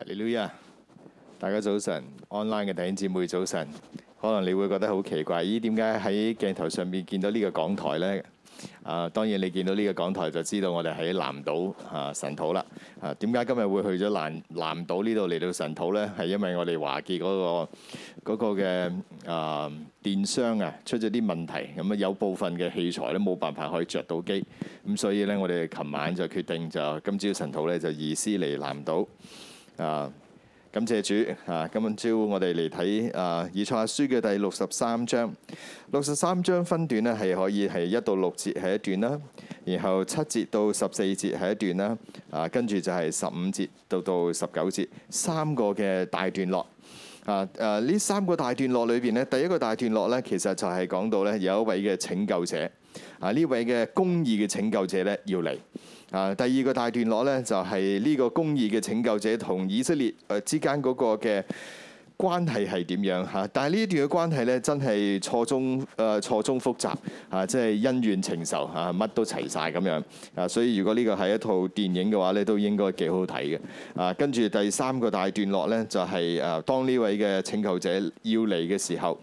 哈利路亞！大家早晨，online 嘅弟兄姊妹早晨。可能你會覺得好奇怪，咦？點解喺鏡頭上面見到呢個講台呢？啊，當然你見到呢個講台，就知道我哋喺南島啊神土啦。啊，點解今日會去咗南南島呢度嚟到神土呢？係因為我哋華傑嗰、嗰個嘅啊、嗰個、電商啊出咗啲問題，咁啊有部分嘅器材咧冇辦法可以着到機咁，所以呢，我哋琴晚就決定就今朝神土咧就移師嚟南島。啊，感謝主啊！今朝我哋嚟睇啊以賽亞書嘅第六十三章。六十三章分段咧係可以係一到六節係一段啦，然後七節到十四節係一段啦，啊跟住就係十五節到到十九節三個嘅大段落。啊誒呢三個大段落裏邊咧，第一個大段落呢，其實就係講到咧有一位嘅拯救者啊，呢位嘅公義嘅拯救者呢，要嚟。啊，第二個大段落咧，就係、是、呢個公義嘅拯救者同以色列誒之間嗰個嘅關係係點樣嚇？但係呢一段嘅關係咧，真係錯綜誒、呃、錯綜複雜嚇、啊，即係恩怨情仇嚇，乜、啊、都齊晒咁樣啊。所以如果呢個係一套電影嘅話咧，都應該幾好睇嘅啊。跟住第三個大段落咧，就係、是、誒當呢位嘅拯救者要嚟嘅時候。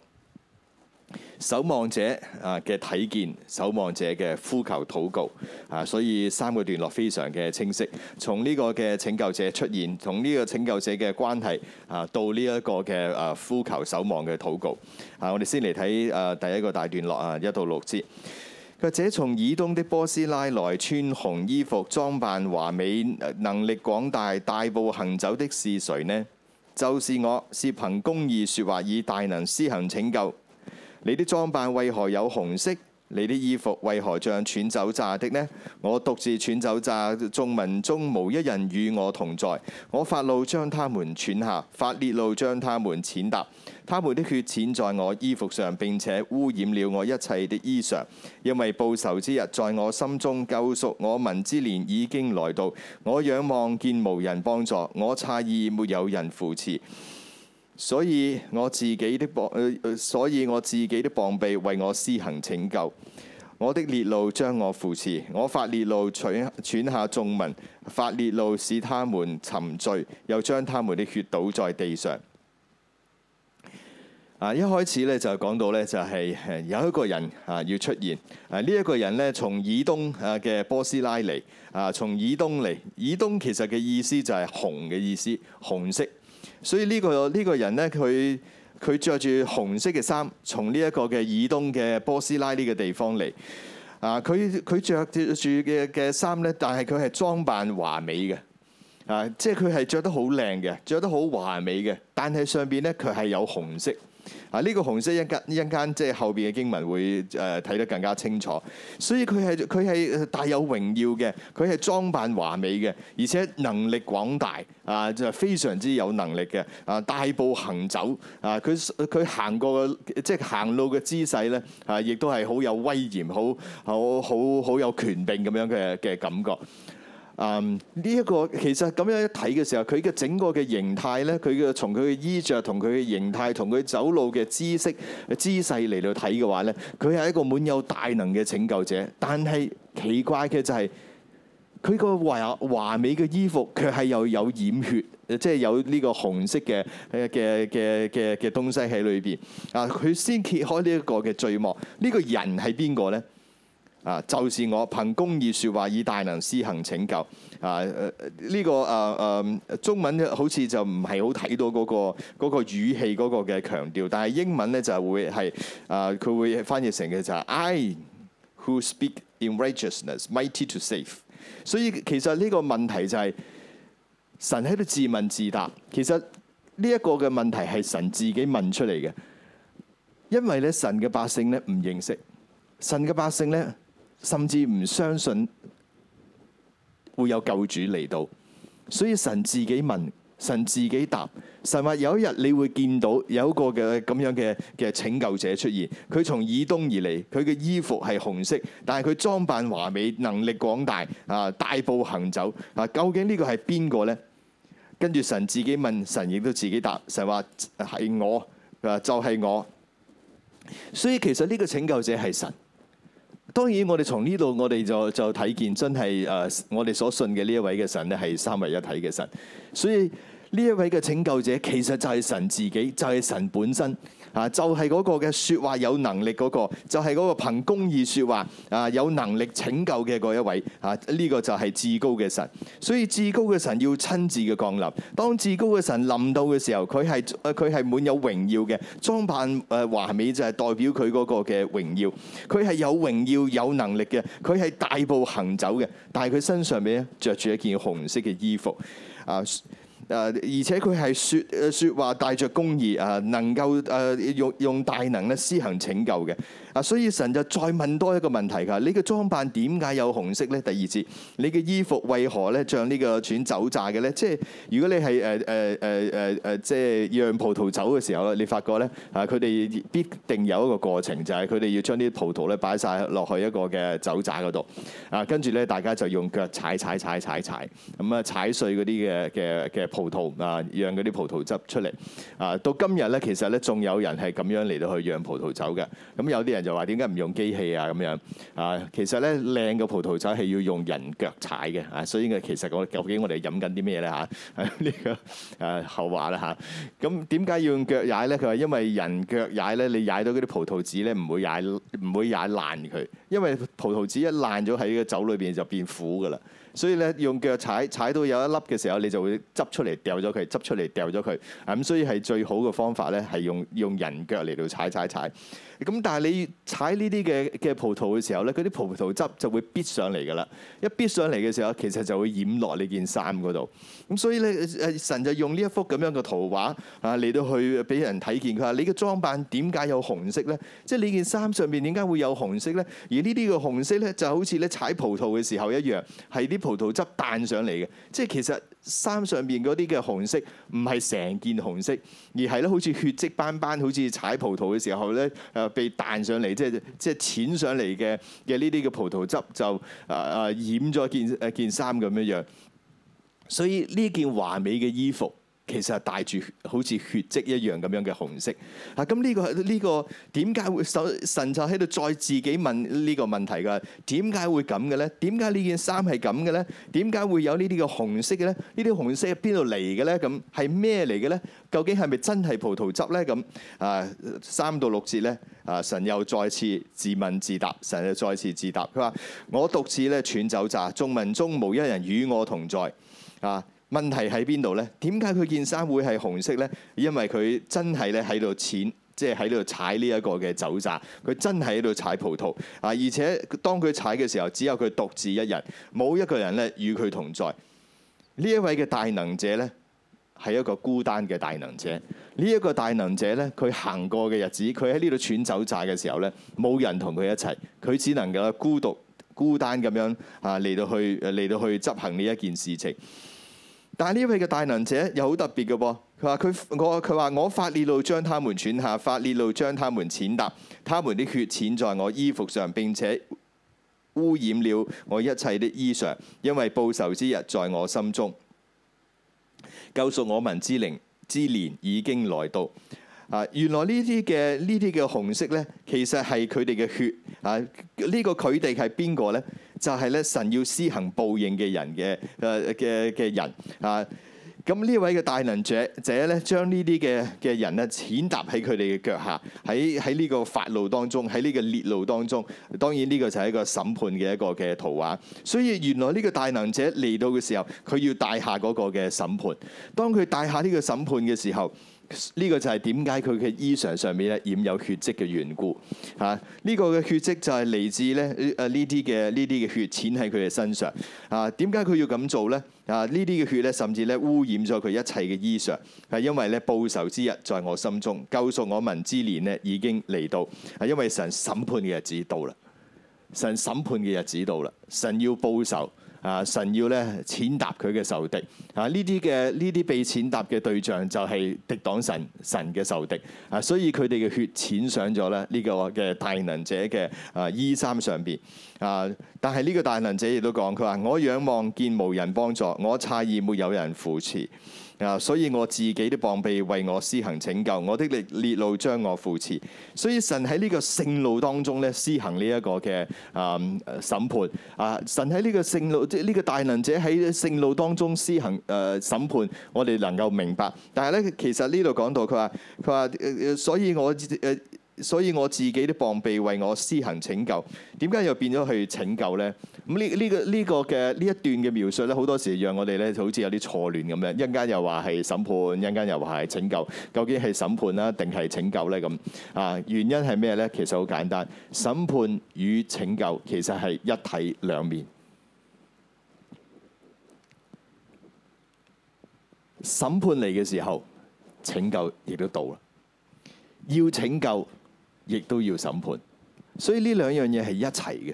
守望者啊嘅睇見，守望者嘅呼求禱告啊，所以三個段落非常嘅清晰。從呢個嘅拯救者出現，從呢個拯救者嘅關係啊，到呢一個嘅啊呼求守望嘅禱告啊，我哋先嚟睇啊第一個大段落啊，一到六節。或者從以東的波斯拉來，穿紅衣服裝扮華美，能力廣大，大步行走的是誰呢？就是我，是憑公義說話，以大能施行拯救。你的裝扮為何有紅色？你的衣服為何像踹酒醡的呢？我獨自踹酒醡，眾民中無一人與我同在。我發怒將他們踹下，發烈怒將他們踐踏。他們的血濺在我衣服上，並且污染了我一切的衣裳。因為報仇之日在我心中救，救贖我民之年已經來到。我仰望見無人幫助，我詫異沒有人扶持。所以我自己的膀，所以我自己的膀臂為我施行拯救，我的烈怒將我扶持，我發烈怒，取踹下眾民，發烈怒，使他們沉醉，又將他們的血倒在地上。啊！一開始咧就講到咧就係有一個人啊要出現。啊呢一個人呢，從以東啊嘅波斯拉嚟啊從以東嚟，以東其實嘅意思就係紅嘅意思，紅色。所以呢個呢個人咧，佢佢著住紅色嘅衫，從呢一個嘅以東嘅波斯拉呢個地方嚟。啊，佢佢著住嘅嘅衫咧，但係佢係裝扮華美嘅。啊，即係佢係着得好靚嘅，着得好華美嘅，但係上邊咧佢係有紅色。啊！呢個紅色一間一陣間，即係後邊嘅經文會誒睇得更加清楚，所以佢係佢係大有榮耀嘅，佢係裝扮華美嘅，而且能力廣大啊，就非常之有能力嘅啊，大步行走啊，佢佢行過嘅即係行路嘅姿勢咧啊，亦都係好有威嚴，好好好好有權柄咁樣嘅嘅感覺。啊！呢一個其實咁樣一睇嘅時候，佢嘅整個嘅形態咧，佢嘅從佢嘅衣着同佢嘅形態同佢走路嘅姿色姿勢嚟到睇嘅話咧，佢係一個滿有大能嘅拯救者。但係奇怪嘅就係，佢個華華美嘅衣服佢係又有染血，即係有呢個紅色嘅嘅嘅嘅嘅東西喺裏邊。啊！佢先揭開呢一個嘅序幕，呢個人係邊個咧？啊，就是我憑公義説話，以大能施行拯救。啊、呃，呢、這個啊啊、呃、中文好似就唔係好睇到嗰、那個嗰、那個語氣嗰個嘅強調，但係英文咧就係會係佢、呃、會翻譯成嘅就係、是、I who speak in righteousness, mighty to save。所以其實呢個問題就係、是、神喺度自問自答。其實呢一個嘅問題係神自己問出嚟嘅，因為咧神嘅百姓咧唔認識神嘅百姓咧。甚至唔相信會有救主嚟到，所以神自己問，神自己答，神話有一日你會見到有一個嘅咁樣嘅拯救者出現，佢從以東而嚟，佢嘅衣服係紅色，但係佢裝扮華美，能力廣大，啊，大步行走，啊，究竟呢個係邊個咧？跟住神自己問，神亦都自己答，神話係我，就係我。所以其實呢個拯救者係神。當然我們這裡我們，我哋從呢度，我哋就就睇見真係誒，我哋所信嘅呢一位嘅神咧，係三位一體嘅神，所以呢一位嘅拯救者其實就係神自己，就係、是、神本身。啊！就係嗰個嘅説話有能力嗰個，就係嗰個憑公義説話啊，有能力拯救嘅嗰一位啊！呢個就係至高嘅神。所以至高嘅神要親自嘅降臨。當至高嘅神臨到嘅時候，佢係佢係滿有榮耀嘅，裝扮誒華美就係代表佢嗰個嘅榮耀。佢係有榮耀有能力嘅，佢係大步行走嘅，但係佢身上面咧著住一件紅色嘅衣服啊！誒，而且佢係説說話帶着公義，啊，能夠誒用用大能咧施行拯救嘅。啊！所以神就再問多一個問題㗎，你嘅裝扮點解有紅色咧？第二節，你嘅衣服為何咧像呢將個轉酒炸嘅咧？即係如果你係誒誒誒誒誒，即係釀葡萄酒嘅時候咧，你發覺咧啊，佢哋必定有一個過程，就係佢哋要將啲葡萄咧擺晒落去一個嘅酒炸嗰度啊，跟住咧大家就用腳踩踩踩踩踩，咁啊踩碎嗰啲嘅嘅嘅葡萄啊，釀嗰啲葡萄汁出嚟啊！到今日咧，其實咧仲有人係咁樣嚟到去釀葡萄酒嘅，咁有啲人。就話點解唔用機器啊？咁樣啊，其實咧靚嘅葡萄酒係要用人腳踩嘅啊，所以其實我究竟我哋飲緊啲咩咧嚇？呢個誒後話啦嚇。咁點解要用腳踩咧？佢話因為人腳踩咧，你踩到嗰啲葡萄籽咧，唔會踩唔會踩爛佢，因為葡萄籽一爛咗喺個酒裏邊就變苦噶啦。所以咧用腳踩踩到有一粒嘅時候，你就會執出嚟掉咗佢，執出嚟掉咗佢。咁所以係最好嘅方法咧，係用用人腳嚟到踩踩踩。咁但係你踩呢啲嘅嘅葡萄嘅時候咧，嗰啲葡萄汁就會迫上嚟噶啦。一迫上嚟嘅時候，其實就會染落你件衫嗰度。咁所以咧，誒神就用呢一幅咁樣嘅圖畫啊嚟到去俾人睇見佢話：你嘅裝扮點解有紅色咧？即係你件衫上面點解會有紅色咧？而呢啲嘅紅色咧，就好似咧踩葡萄嘅時候一樣，係啲葡萄汁彈上嚟嘅。即係其實。衫上面嗰啲嘅紅色唔係成件紅色，而係咧好似血跡斑斑，好似踩葡萄嘅時候咧誒被彈上嚟，即係即係濺上嚟嘅嘅呢啲嘅葡萄汁就誒誒染咗件誒件衫咁樣樣，所以呢件華美嘅衣服。其實係帶住好似血跡一樣咁樣嘅紅色，啊！咁呢、呢個呢、呢個點解會神就喺度再自己問呢個問題㗎？點解會咁嘅咧？點解呢件衫係咁嘅咧？點解會有呢啲嘅紅色嘅咧？呢啲紅色係邊度嚟嘅咧？咁係咩嚟嘅咧？究竟係咪真係葡萄汁咧？咁啊三到六節咧啊，神又再次自問自答，神又再次自答，佢話：我獨自咧踹酒醡，眾民中無一人與我同在，啊！問題喺邊度咧？點解佢件衫會係紅色咧？因為佢真係咧喺度淺，即係喺度踩呢一個嘅酒醡。佢真係喺度踩葡萄啊！而且當佢踩嘅時候，只有佢獨自一人，冇一個人咧與佢同在。呢一位嘅大能者咧，係一個孤單嘅大能者。呢、這、一個大能者咧，佢行過嘅日子，佢喺呢度喘酒醡嘅時候咧，冇人同佢一齊，佢只能夠孤獨孤單咁樣啊嚟到去嚟到去執行呢一件事情。但呢位嘅大能者又好特別嘅噃，佢話佢，我，佢話我發烈怒將他們踹下，發烈怒將他們踐踏，他們的血濺在我衣服上，並且污染了我一切的衣裳，因為報仇之日在我心中。救贖我民之靈之年已經來到。啊，原來呢啲嘅呢啲嘅紅色咧，其實係佢哋嘅血啊！這個、呢個佢哋係邊個咧？就係咧，神要施行報應嘅人嘅，誒嘅嘅人啊！咁呢位嘅大能者者咧，將呢啲嘅嘅人咧，踐踏喺佢哋嘅腳下，喺喺呢個發怒當中，喺呢個烈怒當中。當然呢個就係一個審判嘅一個嘅圖畫。所以原來呢個大能者嚟到嘅時候，佢要帶下嗰個嘅審判。當佢帶下呢個審判嘅時候，呢個就係點解佢嘅衣裳上面咧染有血跡嘅緣故嚇。呢個嘅血跡就係嚟自咧誒呢啲嘅呢啲嘅血濺喺佢嘅身上啊。點解佢要咁做咧？啊，呢啲嘅血咧，甚至咧污染咗佢一切嘅衣裳，係因為咧報仇之日在我心中，救贖我民之年咧已經嚟到，係因為神審判嘅日子到啦。神審判嘅日子到啦，神要報仇。啊！神要咧，踐踏佢嘅仇敵。啊！呢啲嘅呢啲被踐踏嘅對象就，就係敵擋神神嘅仇敵。啊！所以佢哋嘅血濺上咗咧，呢個嘅大能者嘅啊衣衫上邊。啊！但係呢個大能者亦都講，佢話：我仰望見無人幫助，我詫異沒有人扶持。啊！所以我自己的膀臂為我施行拯救，我的力烈怒將我扶持。所以神喺呢個聖路當中咧，施行呢一個嘅啊審判。啊！神喺呢個聖路，即係呢個大能者喺聖路當中施行誒審，審判，我哋能夠明白。但係咧，其實呢度講到佢話，佢話所以我誒。所以我自己的膀臂為我施行拯救，點解又變咗去拯救咧？咁呢呢個呢個嘅呢一段嘅描述咧，好多時讓我哋咧好似有啲錯亂咁樣，一陣間又話係審判，一陣間又話係拯救，究竟係審判啊定係拯救呢？咁啊原因係咩呢？其實好簡單，審判與拯救其實係一體兩面。審判嚟嘅時候，拯救亦都到啦，要拯救。亦都要審判，所以呢兩樣嘢係一齊嘅。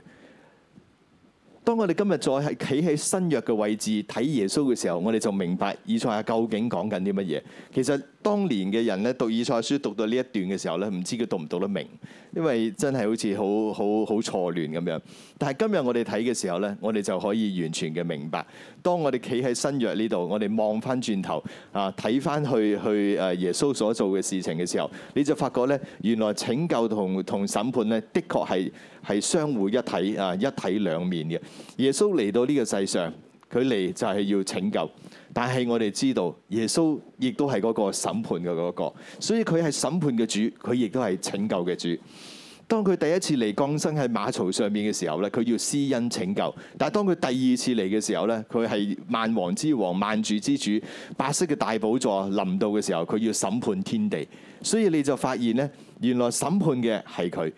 當我哋今日再係企喺新約嘅位置睇耶穌嘅時候，我哋就明白《以賽亞》究竟講緊啲乜嘢。其實，當年嘅人咧讀《以賽亞書》讀到呢一段嘅時候咧，唔知佢讀唔讀得明，因為真係好似好好好錯亂咁樣。但係今日我哋睇嘅時候咧，我哋就可以完全嘅明白。當我哋企喺新約呢度，我哋望翻轉頭啊，睇翻去去誒耶穌所做嘅事情嘅時候，你就發覺咧，原來拯救同同審判咧，的確係係相互一體啊，一體兩面嘅。耶穌嚟到呢個世上，佢嚟就係要拯救。但係我哋知道，耶穌亦都係嗰個審判嘅嗰個，所以佢係審判嘅主，佢亦都係拯救嘅主。當佢第一次嚟降生喺馬槽上面嘅時候咧，佢要施恩拯救；但係當佢第二次嚟嘅時候咧，佢係萬王之王、萬主之主、白色嘅大寶座臨到嘅時候，佢要審判天地。所以你就發現呢，原來審判嘅係佢，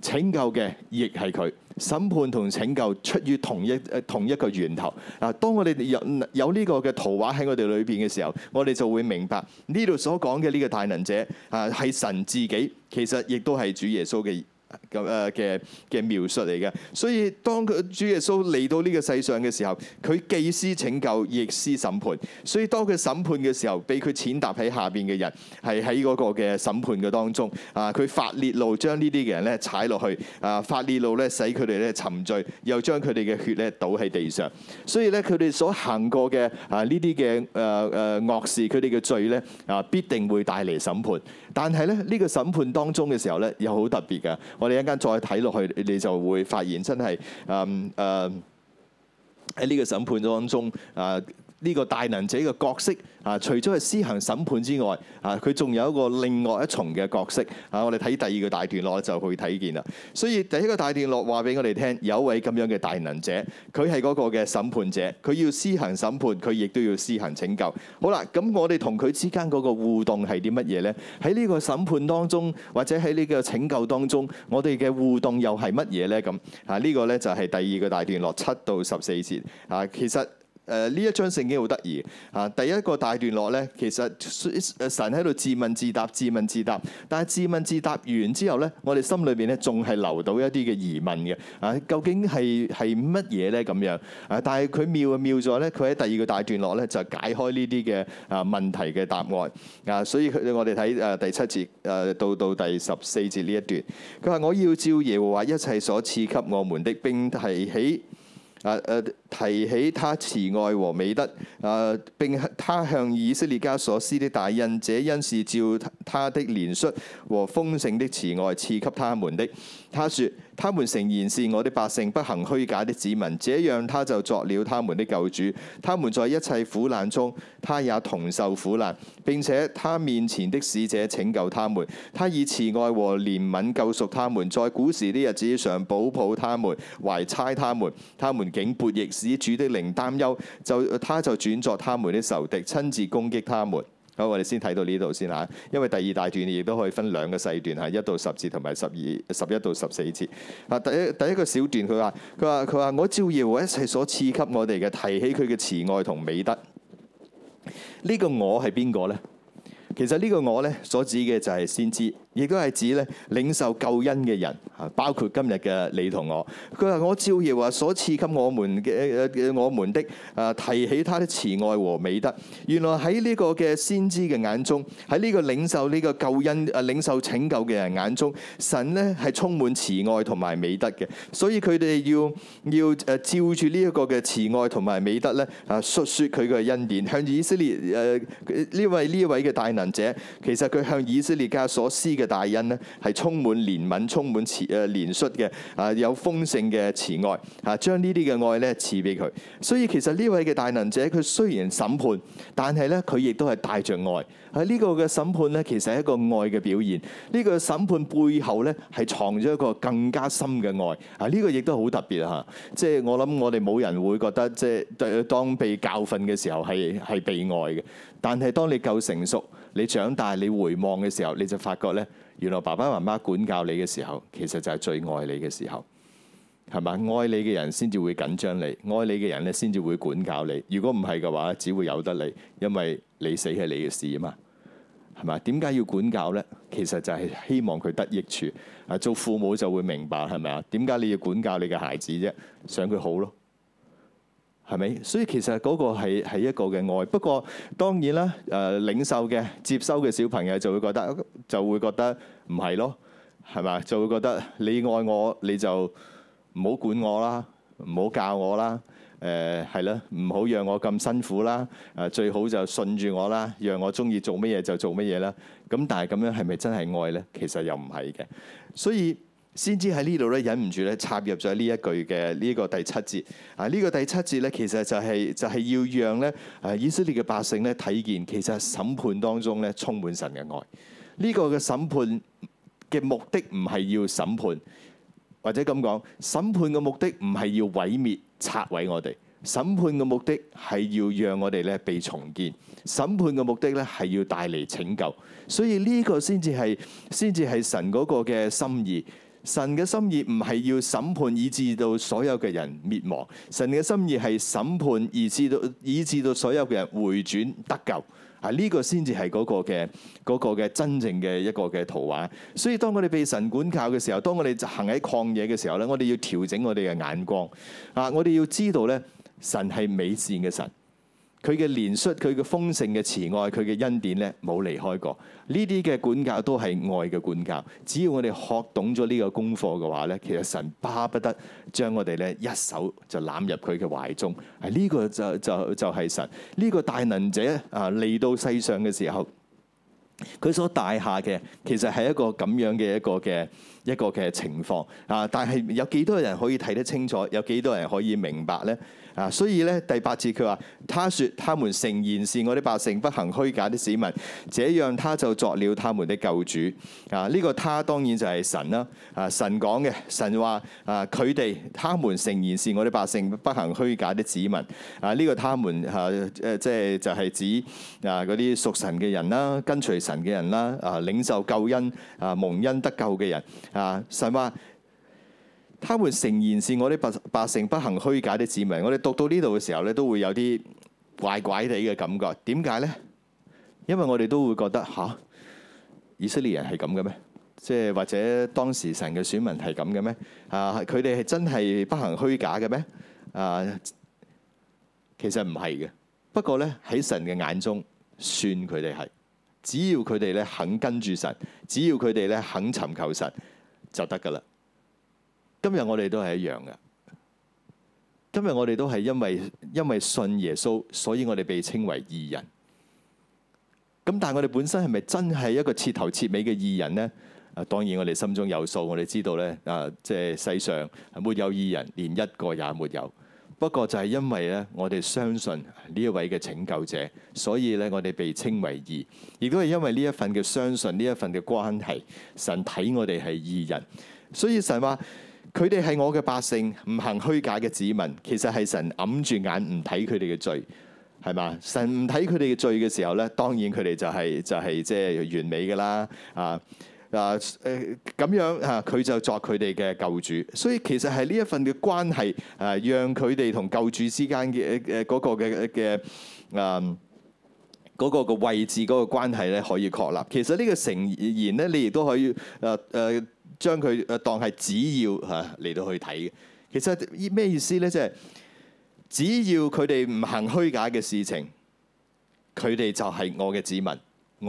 拯救嘅亦係佢。審判同拯救出於同一同一個源頭。嗱，當我哋有有呢個嘅圖畫喺我哋裏面嘅時候，我哋就會明白呢度所講嘅呢個大能者啊，係神自己，其實亦都係主耶穌嘅。咁誒嘅嘅描述嚟嘅，所以當佢主耶穌嚟到呢個世上嘅時候，佢既施拯救亦施審判。所以當佢審判嘅時候，俾佢踐踏喺下邊嘅人，係喺嗰個嘅審判嘅當中。啊，佢發烈怒將呢啲嘅人咧踩落去，啊發烈怒咧使佢哋咧沉醉，又將佢哋嘅血咧倒喺地上。所以咧佢哋所行過嘅啊呢啲嘅誒誒惡事，佢哋嘅罪咧啊必定會帶嚟審判。但係咧呢個審判當中嘅時候咧，又好特別㗎。我哋一陣間再睇落去，你哋就會發現真係誒誒喺呢個審判當中誒。呃呢個大能者嘅角色啊，除咗係施行審判之外，啊，佢仲有一個另外一重嘅角色啊。我哋睇第二個大段落就會睇見啦。所以第一個大段落話俾我哋聽，有一位咁樣嘅大能者，佢係嗰個嘅審判者，佢要施行審判，佢亦都要施行拯救。好啦，咁我哋同佢之間嗰個互動係啲乜嘢呢？喺呢個審判當中，或者喺呢個拯救當中，我哋嘅互動又係乜嘢呢？咁啊，呢個呢就係第二個大段落七到十四節啊。其實誒，呢一張聖經好得意嚇，第一個大段落咧，其實神喺度自問自答、自問自答，但係自問自答完之後咧，我哋心裏邊咧仲係留到一啲嘅疑問嘅啊，究竟係係乜嘢咧咁樣啊？但係佢妙嘅妙咗咧，佢喺第二個大段落咧，就解開呢啲嘅啊問題嘅答案啊，所以我哋睇誒第七節誒到到第十四節呢一段，佢話我要照耶和華一切所賜給我們的，並提起啊誒。呃呃提起他慈愛和美德，啊！並他向以色列家所施的大恩，這恩是照他的憐恤和豐盛的慈愛賜給他們的。他說：他們誠然是我的百姓，不行虛假的子民。這樣他就作了他們的救主，他們在一切苦難中，他也同受苦難。並且他面前的使者拯救他們，他以慈愛和憐憫救贖他們，在古時的日子上保抱他們，懷搋他們。他們竟悖逆。指主的靈擔憂，就他就轉作他們的仇敵，親自攻擊他們。好，我哋先睇到呢度先吓，因為第二大段亦都可以分兩個細段，係一到十節同埋十二十一到十四節。啊，第一第一個小段佢話佢話佢話我照耀一切所賜給我哋嘅，提起佢嘅慈愛同美德。呢個我係邊個呢？其實呢個我呢，所指嘅就係先知。亦都係指咧領受救恩嘅人，啊，包括今日嘅你同我。佢話我照耶和華所賜給我們嘅嘅我們的啊，提起他的慈愛和美德。原來喺呢個嘅先知嘅眼中，喺呢個領受呢個救恩啊領受拯救嘅人眼中，神咧係充滿慈愛同埋美德嘅。所以佢哋要要誒照住呢一個嘅慈愛同埋美德咧啊，述說佢嘅恩典向以色列誒呢、呃、位呢一位嘅大能者。其實佢向以色列家所施嘅。嘅大恩呢，係充滿憐憫、充滿慈誒憐恤嘅，啊有豐盛嘅慈愛，啊將呢啲嘅愛呢，賜俾佢。所以其實呢位嘅大能者，佢雖然審判，但係呢，佢亦都係帶着愛。喺、這、呢個嘅審判呢，其實係一個愛嘅表現。呢、這個審判背後呢，係藏咗一個更加深嘅愛。啊、這、呢個亦都好特別吓，即係我諗我哋冇人會覺得，即係當被教訓嘅時候係係被愛嘅，但係當你夠成熟。你長大，你回望嘅時候，你就發覺呢，原來爸爸媽媽管教你嘅時候，其實就係最愛你嘅時候，係咪？愛你嘅人先至會緊張你，愛你嘅人咧先至會管教你。如果唔係嘅話，只會由得你，因為你死係你嘅事啊嘛，係咪？點解要管教呢？其實就係希望佢得益處啊！做父母就會明白係咪啊？點解你要管教你嘅孩子啫？想佢好咯。係咪？所以其實嗰個係一個嘅愛，不過當然啦，誒、呃、領袖嘅、接收嘅小朋友就會覺得就會覺得唔係咯，係咪？就會覺得你愛我，你就唔好管我啦，唔好教我啦，誒係啦，唔好讓我咁辛苦啦，誒最好就順住我啦，讓我鍾意做乜嘢就做乜嘢啦。咁但係咁樣係咪真係愛咧？其實又唔係嘅，所以。先知喺呢度咧，忍唔住咧插入咗呢一句嘅呢個第七節啊，呢個第七節咧，其實就係就係要讓咧以色列嘅百姓咧睇見其實審判當中咧充滿神嘅愛。呢個嘅審判嘅目的唔係要審判，或者咁講，審判嘅目的唔係要毀滅拆毀我哋。審判嘅目的係要讓我哋咧被重建。審判嘅目的咧係要帶嚟拯救。所以呢個先至係先至係神嗰個嘅心意。神嘅心意唔係要審判以致到所有嘅人滅亡，神嘅心意係審判以致到以致到所有嘅人回轉得救，啊、呢、呢個先至係嗰個嘅、嗰個嘅真正嘅一個嘅圖畫。所以當我哋被神管教嘅時候，當我哋行喺曠野嘅時候咧，我哋要調整我哋嘅眼光，啊我哋要知道咧神係美善嘅神。佢嘅憐恤，佢嘅豐盛嘅慈愛，佢嘅恩典咧，冇離開過。呢啲嘅管教都係愛嘅管教。只要我哋學懂咗呢個功課嘅話咧，其實神巴不得將我哋咧一手就攬入佢嘅懷中。啊，呢個就就就係、就是、神呢個大能者啊嚟到世上嘅時候，佢所帶下嘅，其實係一個咁樣嘅一個嘅一個嘅情況啊。但係有幾多人可以睇得清楚？有幾多人可以明白咧？啊，所以咧，第八節佢話：他說他們誠然是我的百姓，不行虛假的子民，這樣他就作了他們的救主。啊，呢個他當然就係神啦。啊，神講嘅，神話啊，佢哋他們誠然是我的百姓，不行虛假的子民。啊，呢個他們啊，誒即係就係指啊嗰啲屬神嘅人啦，跟隨神嘅人啦，啊領受救恩啊蒙恩得救嘅人。啊，神話。他們誠然是我哋百百姓，不行虛假的子民，我哋讀到呢度嘅時候咧，都會有啲怪怪地嘅感覺。點解咧？因為我哋都會覺得嚇、啊，以色列人係咁嘅咩？即係或者當時神嘅選民係咁嘅咩？啊，佢哋係真係不行虛假嘅咩？啊，其實唔係嘅。不過咧，喺神嘅眼中，算佢哋係。只要佢哋咧肯跟住神，只要佢哋咧肯尋求神，就得噶啦。今日我哋都係一樣嘅。今日我哋都係因為因為信耶穌，所以我哋被稱為義人。咁但係我哋本身係咪真係一個徹頭徹尾嘅義人呢？啊，當然我哋心中有數，我哋知道咧啊，即係世上沒有義人，連一個也沒有。不過就係因為咧，我哋相信呢一位嘅拯救者，所以咧我哋被稱為義，亦都係因為呢一份嘅相信，呢一份嘅關係，神睇我哋係義人，所以神話。佢哋係我嘅百姓，唔行虛假嘅子民，其實係神揞住眼唔睇佢哋嘅罪，係嘛？神唔睇佢哋嘅罪嘅時候咧，當然佢哋就係、是、就係即係完美嘅啦，啊啊誒咁樣啊，佢就作佢哋嘅救主，所以其實係呢一份嘅關係啊，讓佢哋同救主之間嘅誒嗰個嘅嘅啊嗰個嘅位置嗰個關係咧可以確立。其實呢個成言咧，你亦都可以誒誒。呃呃將佢誒當係只要吓嚟到去睇嘅，其實咩意思咧？即係只要佢哋唔行虛假嘅事情，佢哋就係我嘅子民，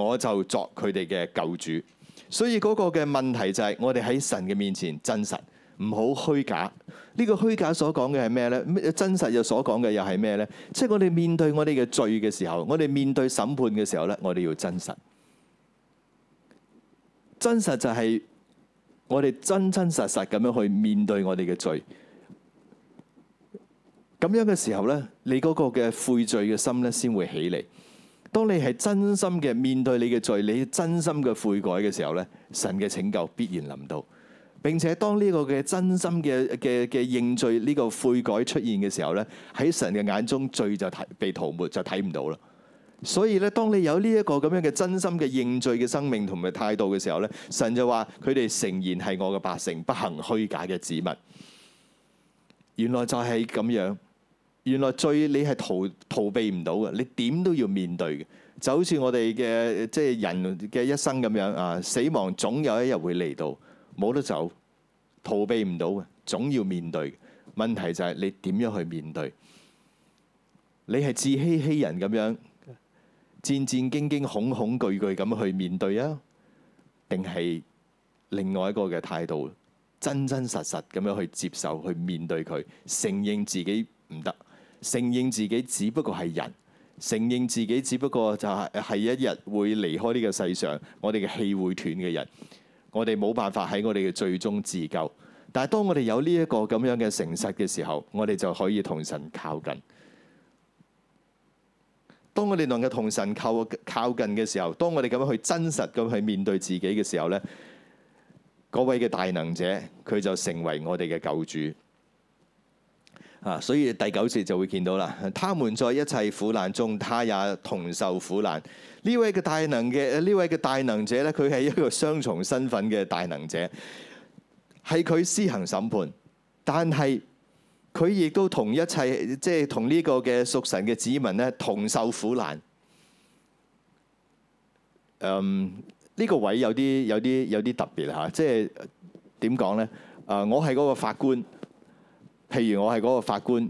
我就作佢哋嘅救主。所以嗰個嘅問題就係，我哋喺神嘅面前真實，唔好虛假。呢個虛假所講嘅係咩咧？真實又所講嘅又係咩咧？即係我哋面對我哋嘅罪嘅時候，我哋面對審判嘅時候咧，我哋要真實。真實就係。我哋真真實實咁樣去面對我哋嘅罪，咁樣嘅時候呢，你嗰個嘅悔罪嘅心咧，先會起嚟。當你係真心嘅面對你嘅罪，你真心嘅悔改嘅時候呢，神嘅拯救必然臨到，並且當呢個嘅真心嘅嘅嘅認罪呢、呢個悔改出現嘅時候呢，喺神嘅眼中罪就睇被塗抹就睇唔到啦。所以咧，當你有呢一個咁樣嘅真心嘅認罪嘅生命同埋態度嘅時候咧，神就話佢哋誠然係我嘅百姓，不行虛假嘅子民。原來就係咁樣，原來罪你係逃逃避唔到嘅，你點都要面對嘅。就好似我哋嘅即係人嘅一生咁樣啊，死亡總有一日會嚟到，冇得走，逃避唔到嘅，總要面對。問題就係你點樣去面對？你係自欺欺人咁樣。戰戰兢兢、恐恐懼懼咁去面對啊，定係另外一個嘅態度，真真實實咁樣去接受、去面對佢，承認自己唔得，承認自己只不過係人，承認自己只不過就係係一日會離開呢個世上，我哋嘅氣會斷嘅人，我哋冇辦法喺我哋嘅最終自救。但係當我哋有呢一個咁樣嘅誠實嘅時候，我哋就可以同神靠近。當我哋能夠同神靠近嘅時候，當我哋咁樣去真實咁去面對自己嘅時候，呢嗰位嘅大能者佢就成為我哋嘅救主啊！所以第九節就會見到啦，他們在一切苦難中，他也同受苦難。呢位嘅大能嘅呢位嘅大能者呢，佢係一個雙重身份嘅大能者，係佢施行審判，但係。佢亦都同一切，即係同呢個嘅屬神嘅子民咧，同受苦難。嗯，呢個位有啲有啲有啲特別嚇，即係點講咧？啊，我係嗰個法官。譬如我係嗰個法官，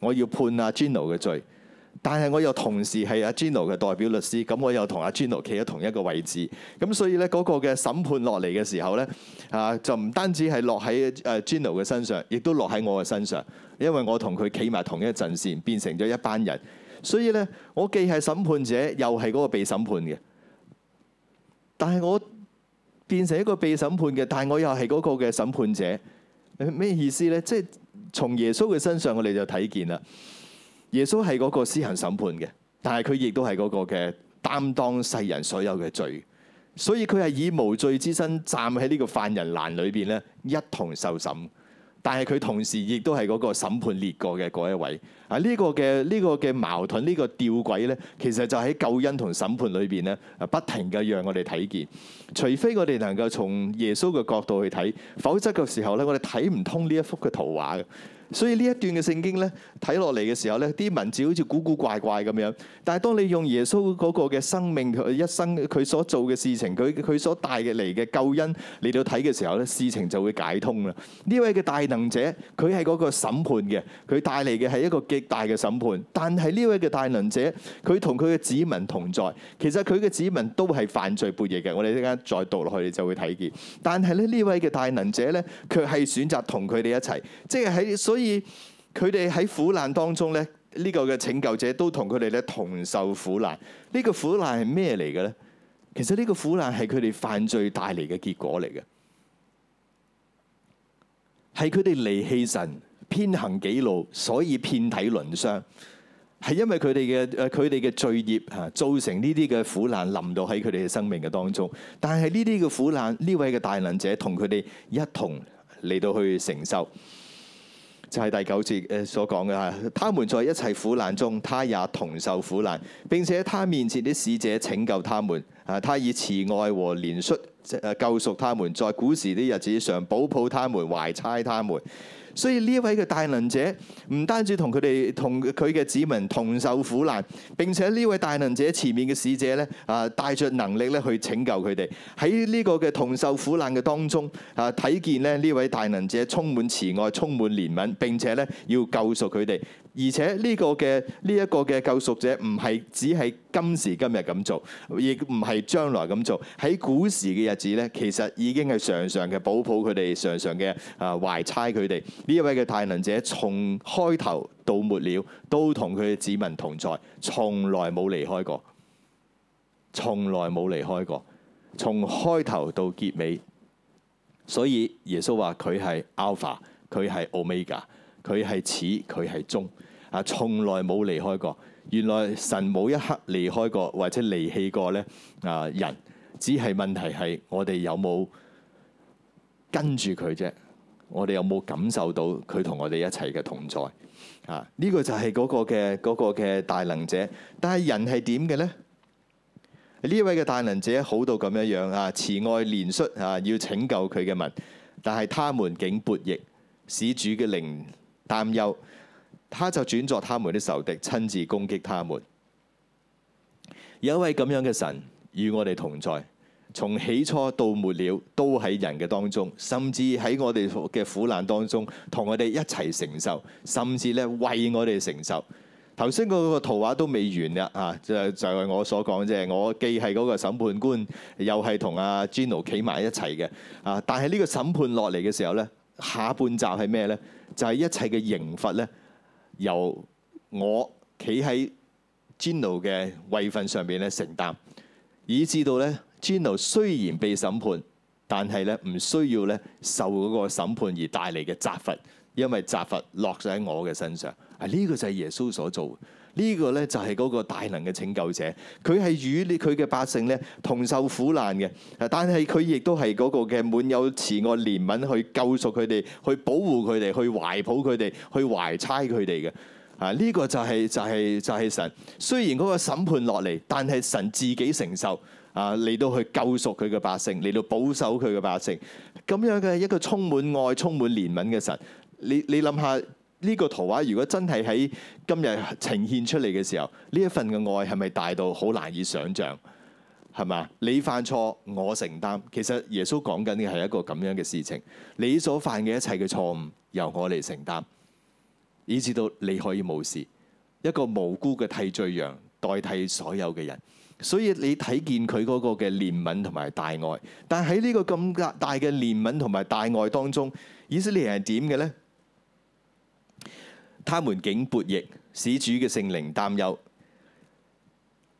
我要判阿 Gino 嘅罪。但係我又同時係阿 Gino 嘅代表律師，咁我又同阿 Gino 企喺同一個位置，咁所以呢，嗰個嘅審判落嚟嘅時候呢，啊就唔單止係落喺誒 Gino 嘅身上，亦都落喺我嘅身上，因為我同佢企埋同一陣線，變成咗一班人。所以呢，我既係審判者，又係嗰個被審判嘅。但係我變成一個被審判嘅，但係我又係嗰個嘅審判者。咩意思呢？即係從耶穌嘅身上我，我哋就睇見啦。耶穌係嗰個施行審判嘅，但係佢亦都係嗰個嘅擔當世人所有嘅罪，所以佢係以無罪之身站喺呢個犯人欄裏邊咧一同受審，但係佢同時亦都係嗰個審判列國嘅嗰一位啊！呢個嘅呢個嘅矛盾呢個吊詭咧，其實就喺救恩同審判裏邊咧啊，不停嘅讓我哋睇見，除非我哋能夠從耶穌嘅角度去睇，否則嘅時候咧，我哋睇唔通呢一幅嘅圖畫嘅。所以呢一段嘅聖經咧，睇落嚟嘅時候咧，啲文字好似古古怪怪咁樣，但係當你用耶穌嗰個嘅生命，佢一生佢所做嘅事情，佢、佢所帶嘅嚟嘅救恩嚟到睇嘅時候咧，事情就會解通啦。呢位嘅大能者佢係嗰個審判嘅，佢帶嚟嘅係一個極大嘅審判。但係呢位嘅大能者佢同佢嘅子民同在，其實佢嘅子民都係犯罪悖逆嘅。我哋一陣間再讀落去，你就會睇見。但係咧呢位嘅大能者咧，佢係選擇同佢哋一齊，即係喺所以。所以佢哋喺苦難當中咧，呢個嘅拯救者都同佢哋咧同受苦難。呢個苦難係咩嚟嘅咧？其實呢個苦難係佢哋犯罪帶嚟嘅結果嚟嘅，係佢哋離棄神，偏行己路，所以遍體鱗傷。係因為佢哋嘅誒，佢哋嘅罪孽啊，造成呢啲嘅苦難臨到喺佢哋嘅生命嘅當中。但係呢啲嘅苦難，呢位嘅大能者同佢哋一同嚟到去承受。就係第九節誒所講嘅嚇，他們在一切苦難中，他也同受苦難。並且他面前啲使者拯救他們，啊，他以慈愛和憐恤誒救贖他們，在古時啲日子上保抱他們，懷搋他們。所以呢位嘅大能者唔單止同佢哋同佢嘅子民同受苦難，並且呢位大能者前面嘅使者咧啊帶著能力咧去拯救佢哋喺呢個嘅同受苦難嘅當中啊睇見咧呢位大能者充滿慈愛，充滿憐憫，並且咧要救贖佢哋，而且呢個嘅呢一個嘅救贖者唔係只係。今時今日咁做，亦唔係將來咁做。喺古時嘅日子呢，其實已經係常常嘅保抱佢哋，常常嘅啊懷搋佢哋呢一位嘅大能者，從開頭到末了，都同佢嘅子民同在，從來冇離開過，從來冇離開過，從開頭到結尾。所以耶穌話佢係 alpha，佢係 omega，佢係始，佢係終啊，從來冇離開過。原來神冇一刻離開過或者離棄過咧啊！人只係問題係我哋有冇跟住佢啫？我哋有冇感受到佢同我哋一齊嘅同在啊？呢個就係嗰個嘅嗰個嘅大能者，但係人係點嘅咧？呢一位嘅大能者好到咁樣樣啊！慈愛憐恤啊，要拯救佢嘅民，但係他們竟悖逆，使主嘅靈擔憂。他就轉作他們的仇敵，親自攻擊他們。有一位咁樣嘅神與我哋同在，從起初到末了都喺人嘅當中，甚至喺我哋嘅苦難當中同我哋一齊承受，甚至咧為我哋承受。頭先嗰個圖畫都未完啦，吓就就係我所講，即係我既係嗰個審判官，又係同阿 Gino 企埋一齊嘅啊。但係呢個審判落嚟嘅時候咧，下半集係咩咧？就係一切嘅刑罰咧。由我企喺 Gino 嘅位份上邊咧承擔，以至到咧 Gino 雖然被審判，但係咧唔需要咧受嗰個審判而帶嚟嘅責罰，因為責罰落咗喺我嘅身上。啊呢、這個就係耶穌所做。呢個咧就係嗰個大能嘅拯救者，佢係與佢嘅百姓咧同受苦難嘅。但係佢亦都係嗰個嘅滿有慈愛憐憫，去救贖佢哋，去保護佢哋，去懷抱佢哋，去懷搋佢哋嘅。啊，呢個就係、就係、就係神。雖然嗰個審判落嚟，但係神自己承受啊，嚟到去救贖佢嘅百姓，嚟到保守佢嘅百姓。咁樣嘅一個充滿愛、充滿憐憫嘅神，你你諗下？呢個圖畫如果真係喺今日呈現出嚟嘅時候，呢一份嘅愛係咪大到好難以想像？係咪？你犯錯，我承擔。其實耶穌講緊嘅係一個咁樣嘅事情。你所犯嘅一切嘅錯誤，由我嚟承擔，以至到你可以冇事。一個無辜嘅替罪羊代替所有嘅人。所以你睇見佢嗰個嘅憐憫同埋大愛。但喺呢個咁大嘅憐憫同埋大愛當中，以色列人係點嘅呢？他們竟悖逆，使主嘅聖靈擔憂。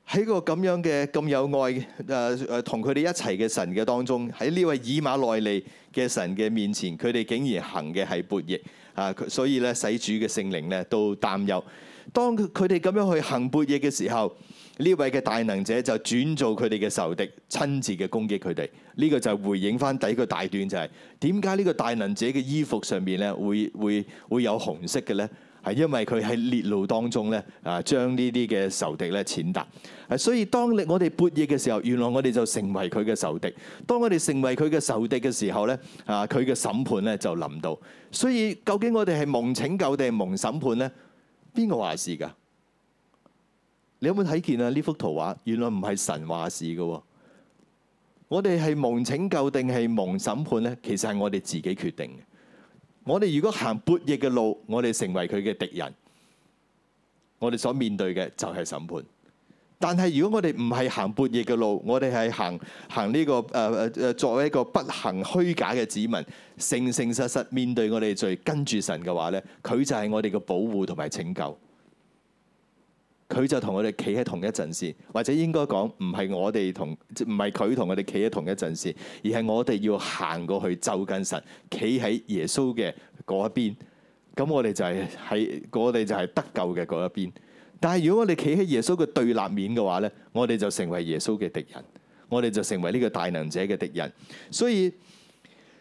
喺個咁樣嘅咁有愛誒誒，同佢哋一齊嘅神嘅當中，喺呢位以馬內利嘅神嘅面前，佢哋竟然行嘅係悖逆啊！所以咧，使主嘅聖靈咧都擔憂。當佢哋咁樣去行悖逆嘅時候，呢位嘅大能者就轉做佢哋嘅仇敵，親自嘅攻擊佢哋。呢、呢個就回應翻第一個大段就係點解呢個大能者嘅衣服上面咧會會會,會有紅色嘅咧？係因為佢喺烈怒當中咧，啊將呢啲嘅仇敵咧踐踏，所以當我哋悖逆嘅時候，原來我哋就成為佢嘅仇敵。當我哋成為佢嘅仇敵嘅時候咧，啊佢嘅審判咧就臨到。所以究竟我哋係蒙拯救定係蒙審判咧？邊個話事㗎？你有冇睇見啊？呢幅圖畫原來唔係神話事嘅喎，我哋係蒙拯救定係蒙審判咧？其實係我哋自己決定嘅。我哋如果行悖逆嘅路，我哋成為佢嘅敵人。我哋所面對嘅就係審判。但係如果我哋唔係行悖逆嘅路，我哋係行行呢、這個誒誒誒，作為一個不行虛假嘅子民，誠誠實實面對我哋嘅罪，跟住神嘅話呢，佢就係我哋嘅保護同埋拯救。佢就同我哋企喺同一陣線，或者應該講唔係我哋同唔係佢同我哋企喺同一陣線，而係我哋要行過去就近神，企喺耶穌嘅嗰一邊，咁我哋就係喺我哋就係得救嘅嗰一邊。但係如果我哋企喺耶穌嘅對立面嘅話咧，我哋就成為耶穌嘅敵人，我哋就成為呢個大能者嘅敵人，所以。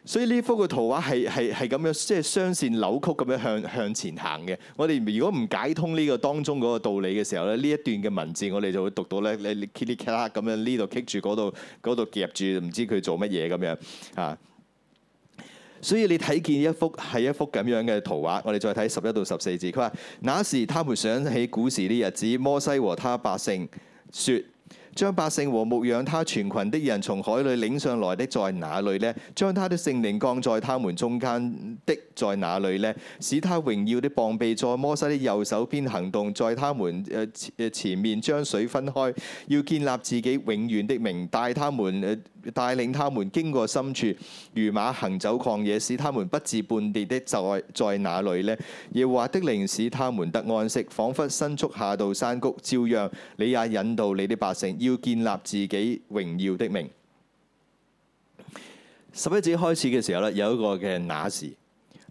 所以呢幅嘅圖畫係係係咁樣，即係雙線扭曲咁樣向向前行嘅。我哋如果唔解通呢個當中嗰個道理嘅時候咧，呢一段嘅文字我哋就會讀到咧，你你噼里啪啦啦咁樣，呢度棘住嗰度，嗰度夾住，唔知佢做乜嘢咁樣啊。所以你睇見一幅係一幅咁樣嘅圖畫，我哋再睇十一到十四字，佢話：那時他們想起古時啲日子，摩西和他百姓説。將百姓和牧養他全群的人從海裡領上來的，在哪裏呢？將他的聖靈降在他們中間的，在哪裏呢？使他榮耀的膀臂在摩西的右手邊行動，在他們前面將水分開，要建立自己永遠的名，帶他們帶領他們經過深處，如馬行走曠野，使他們不致絆跌的，在在哪裏呢？耶和華的靈使他們得安息，仿佛牲畜下到山谷，照樣你也引導你的百姓，要建立自己榮耀的名。十一節開始嘅時候呢，有一個嘅那時，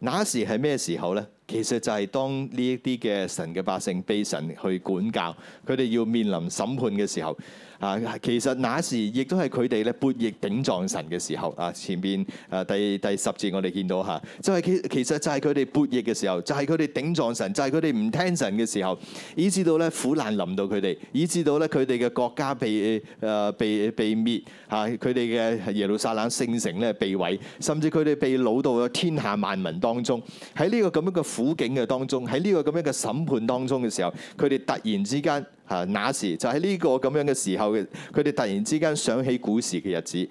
那時係咩時候呢？其實就係當呢一啲嘅神嘅百姓被神去管教，佢哋要面臨審判嘅時候，啊，其實那時亦都係佢哋咧悖逆頂撞神嘅時候。啊，前邊啊第第十節我哋見到嚇，就係、係、其其實就係佢哋悖逆嘅時候，就係佢哋頂撞神，就係佢哋唔聽神嘅時候，以至到咧苦難臨到佢哋，以至到咧佢哋嘅國家被啊、呃、被被滅嚇，佢哋嘅耶路撒冷聖城咧被毀，甚至佢哋被擄到咗天下萬民當中喺呢、呢個咁樣嘅苦境嘅當中，喺呢個咁樣嘅審判當中嘅時候，佢哋突然之間，啊，那時就喺呢個咁樣嘅時候嘅，佢哋突然之間想起古時嘅日子，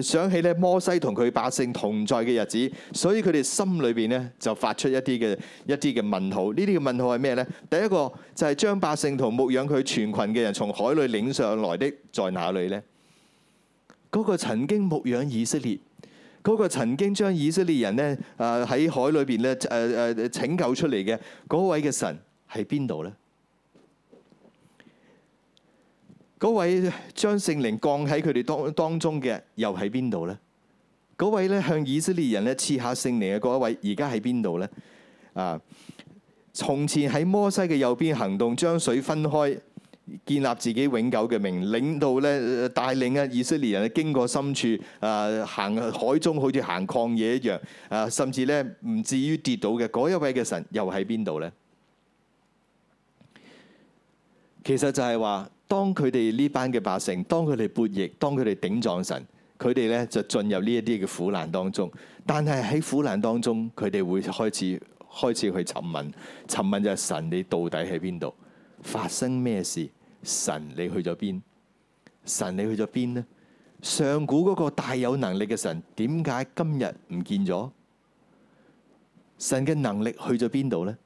想起咧摩西同佢百姓同在嘅日子，所以佢哋心裏邊呢，就發出一啲嘅一啲嘅問號。呢啲嘅問號係咩呢？第一個就係將百姓同牧養佢全群嘅人從海裏領上來的在哪裏呢？嗰個曾經牧養以色列。嗰個曾經將以色列人呢，啊喺海裏邊咧，誒、誒拯救出嚟嘅嗰位嘅神喺邊度咧？嗰位將聖靈降喺佢哋當當中嘅又喺邊度咧？嗰位呢，向以色列人呢，賜下聖靈嘅嗰位而家喺邊度咧？啊，從前喺摩西嘅右邊行動，將水分開。建立自己永久嘅名，領導咧帶領嘅以色列人去經過深處，啊行海中好似行曠野一樣，啊甚至咧唔至於跌倒嘅嗰一位嘅神又喺邊度呢？其實就係話，當佢哋呢班嘅百姓，當佢哋叛逆，當佢哋頂撞神，佢哋咧就進入呢一啲嘅苦難當中。但係喺苦難當中，佢哋會開始開始去尋問，尋問就係神，你到底喺邊度？發生咩事？神你去咗邊？神你去咗邊呢？上古嗰個大有能力嘅神，點解今日唔見咗？神嘅能力去咗邊度呢？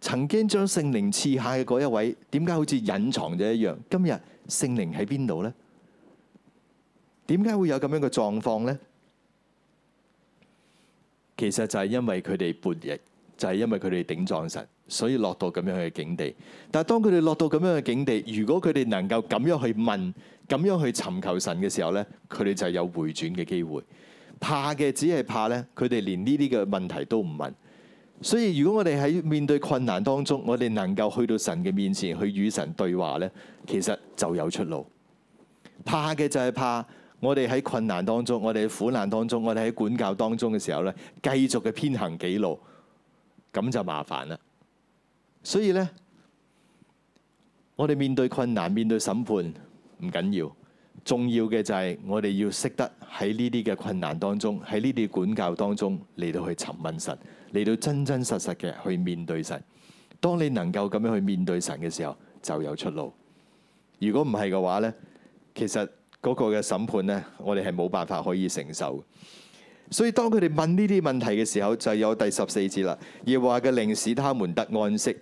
曾經將聖靈賜下嘅嗰一位，點解好似隱藏咗一樣？今日聖靈喺邊度呢？點解會有咁樣嘅狀況呢？其實就係因為佢哋叛逆，就係因為佢哋頂撞神。所以落到咁樣嘅境地，但係當佢哋落到咁樣嘅境地，如果佢哋能夠咁樣去問、咁樣去尋求神嘅時候呢，佢哋就有回轉嘅機會。怕嘅只係怕呢，佢哋連呢啲嘅問題都唔問。所以如果我哋喺面對困難當中，我哋能夠去到神嘅面前去與神對話呢，其實就有出路。怕嘅就係怕我哋喺困難當中、我哋喺苦難當中、我哋喺管教當中嘅時候呢，繼續嘅偏行己路，咁就麻煩啦。所以咧，我哋面對困難、面對審判唔緊要，重要嘅就係我哋要識得喺呢啲嘅困難當中，喺呢啲管教當中嚟到去尋問神，嚟到真真實實嘅去面對神。當你能夠咁樣去面對神嘅時候，就有出路。如果唔係嘅話呢，其實嗰個嘅審判呢，我哋係冇辦法可以承受。所以當佢哋問呢啲問題嘅時候，就有第十四節啦，耶和華嘅靈使他們得安息。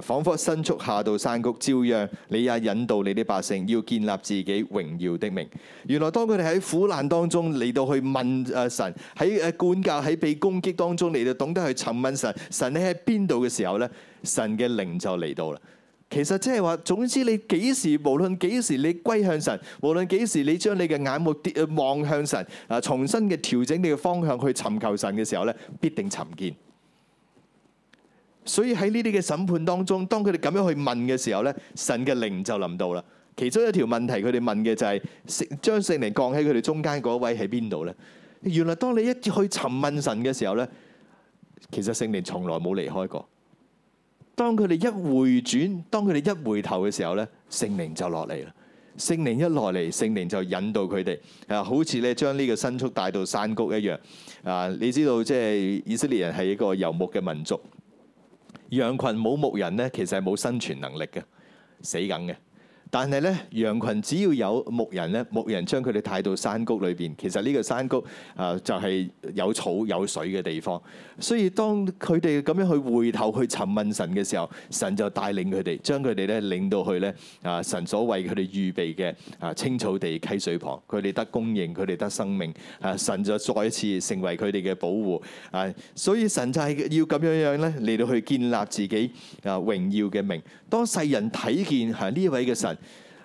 仿佛牲畜下到山谷，照樣你也引導你啲百姓，要建立自己榮耀的名。原來當佢哋喺苦難當中嚟到去問誒神，喺誒管教喺被攻擊當中嚟到懂得去尋問神，神你喺邊度嘅時候咧，神嘅靈就嚟到啦。其實即係話，總之你幾時，無論幾時你歸向神，無論幾時你將你嘅眼目跌望向神啊，重新嘅調整你嘅方向去尋求神嘅時候咧，必定尋見。所以喺呢啲嘅審判當中，當佢哋咁樣去問嘅時候咧，神嘅靈就臨到啦。其中一條問題佢哋問嘅就係、聖：將聖靈降喺佢哋中間嗰位喺邊度咧？原來當你一去尋問神嘅時候咧，其實聖靈從來冇離開過。當佢哋一回轉，當佢哋一回頭嘅時候咧，聖靈就落嚟啦。聖靈一落嚟，聖靈就引導佢哋啊，好似咧將呢個牲畜帶到山谷一樣啊。你知道即係以色列人係一個遊牧嘅民族。羊群冇牧人咧，其實係冇生存能力嘅，死梗嘅。但係咧，羊群只要有牧人咧，牧人將佢哋帶到山谷裏邊。其實呢個山谷啊，就係有草有水嘅地方。所以當佢哋咁樣去回頭去尋問神嘅時候，神就帶領佢哋，將佢哋咧領到去咧啊，神所為佢哋預備嘅啊青草地溪水旁，佢哋得供應，佢哋得生命啊。神就再一次成為佢哋嘅保護啊。所以神就係要咁樣樣咧嚟到去建立自己啊榮耀嘅名。當世人睇見係呢位嘅神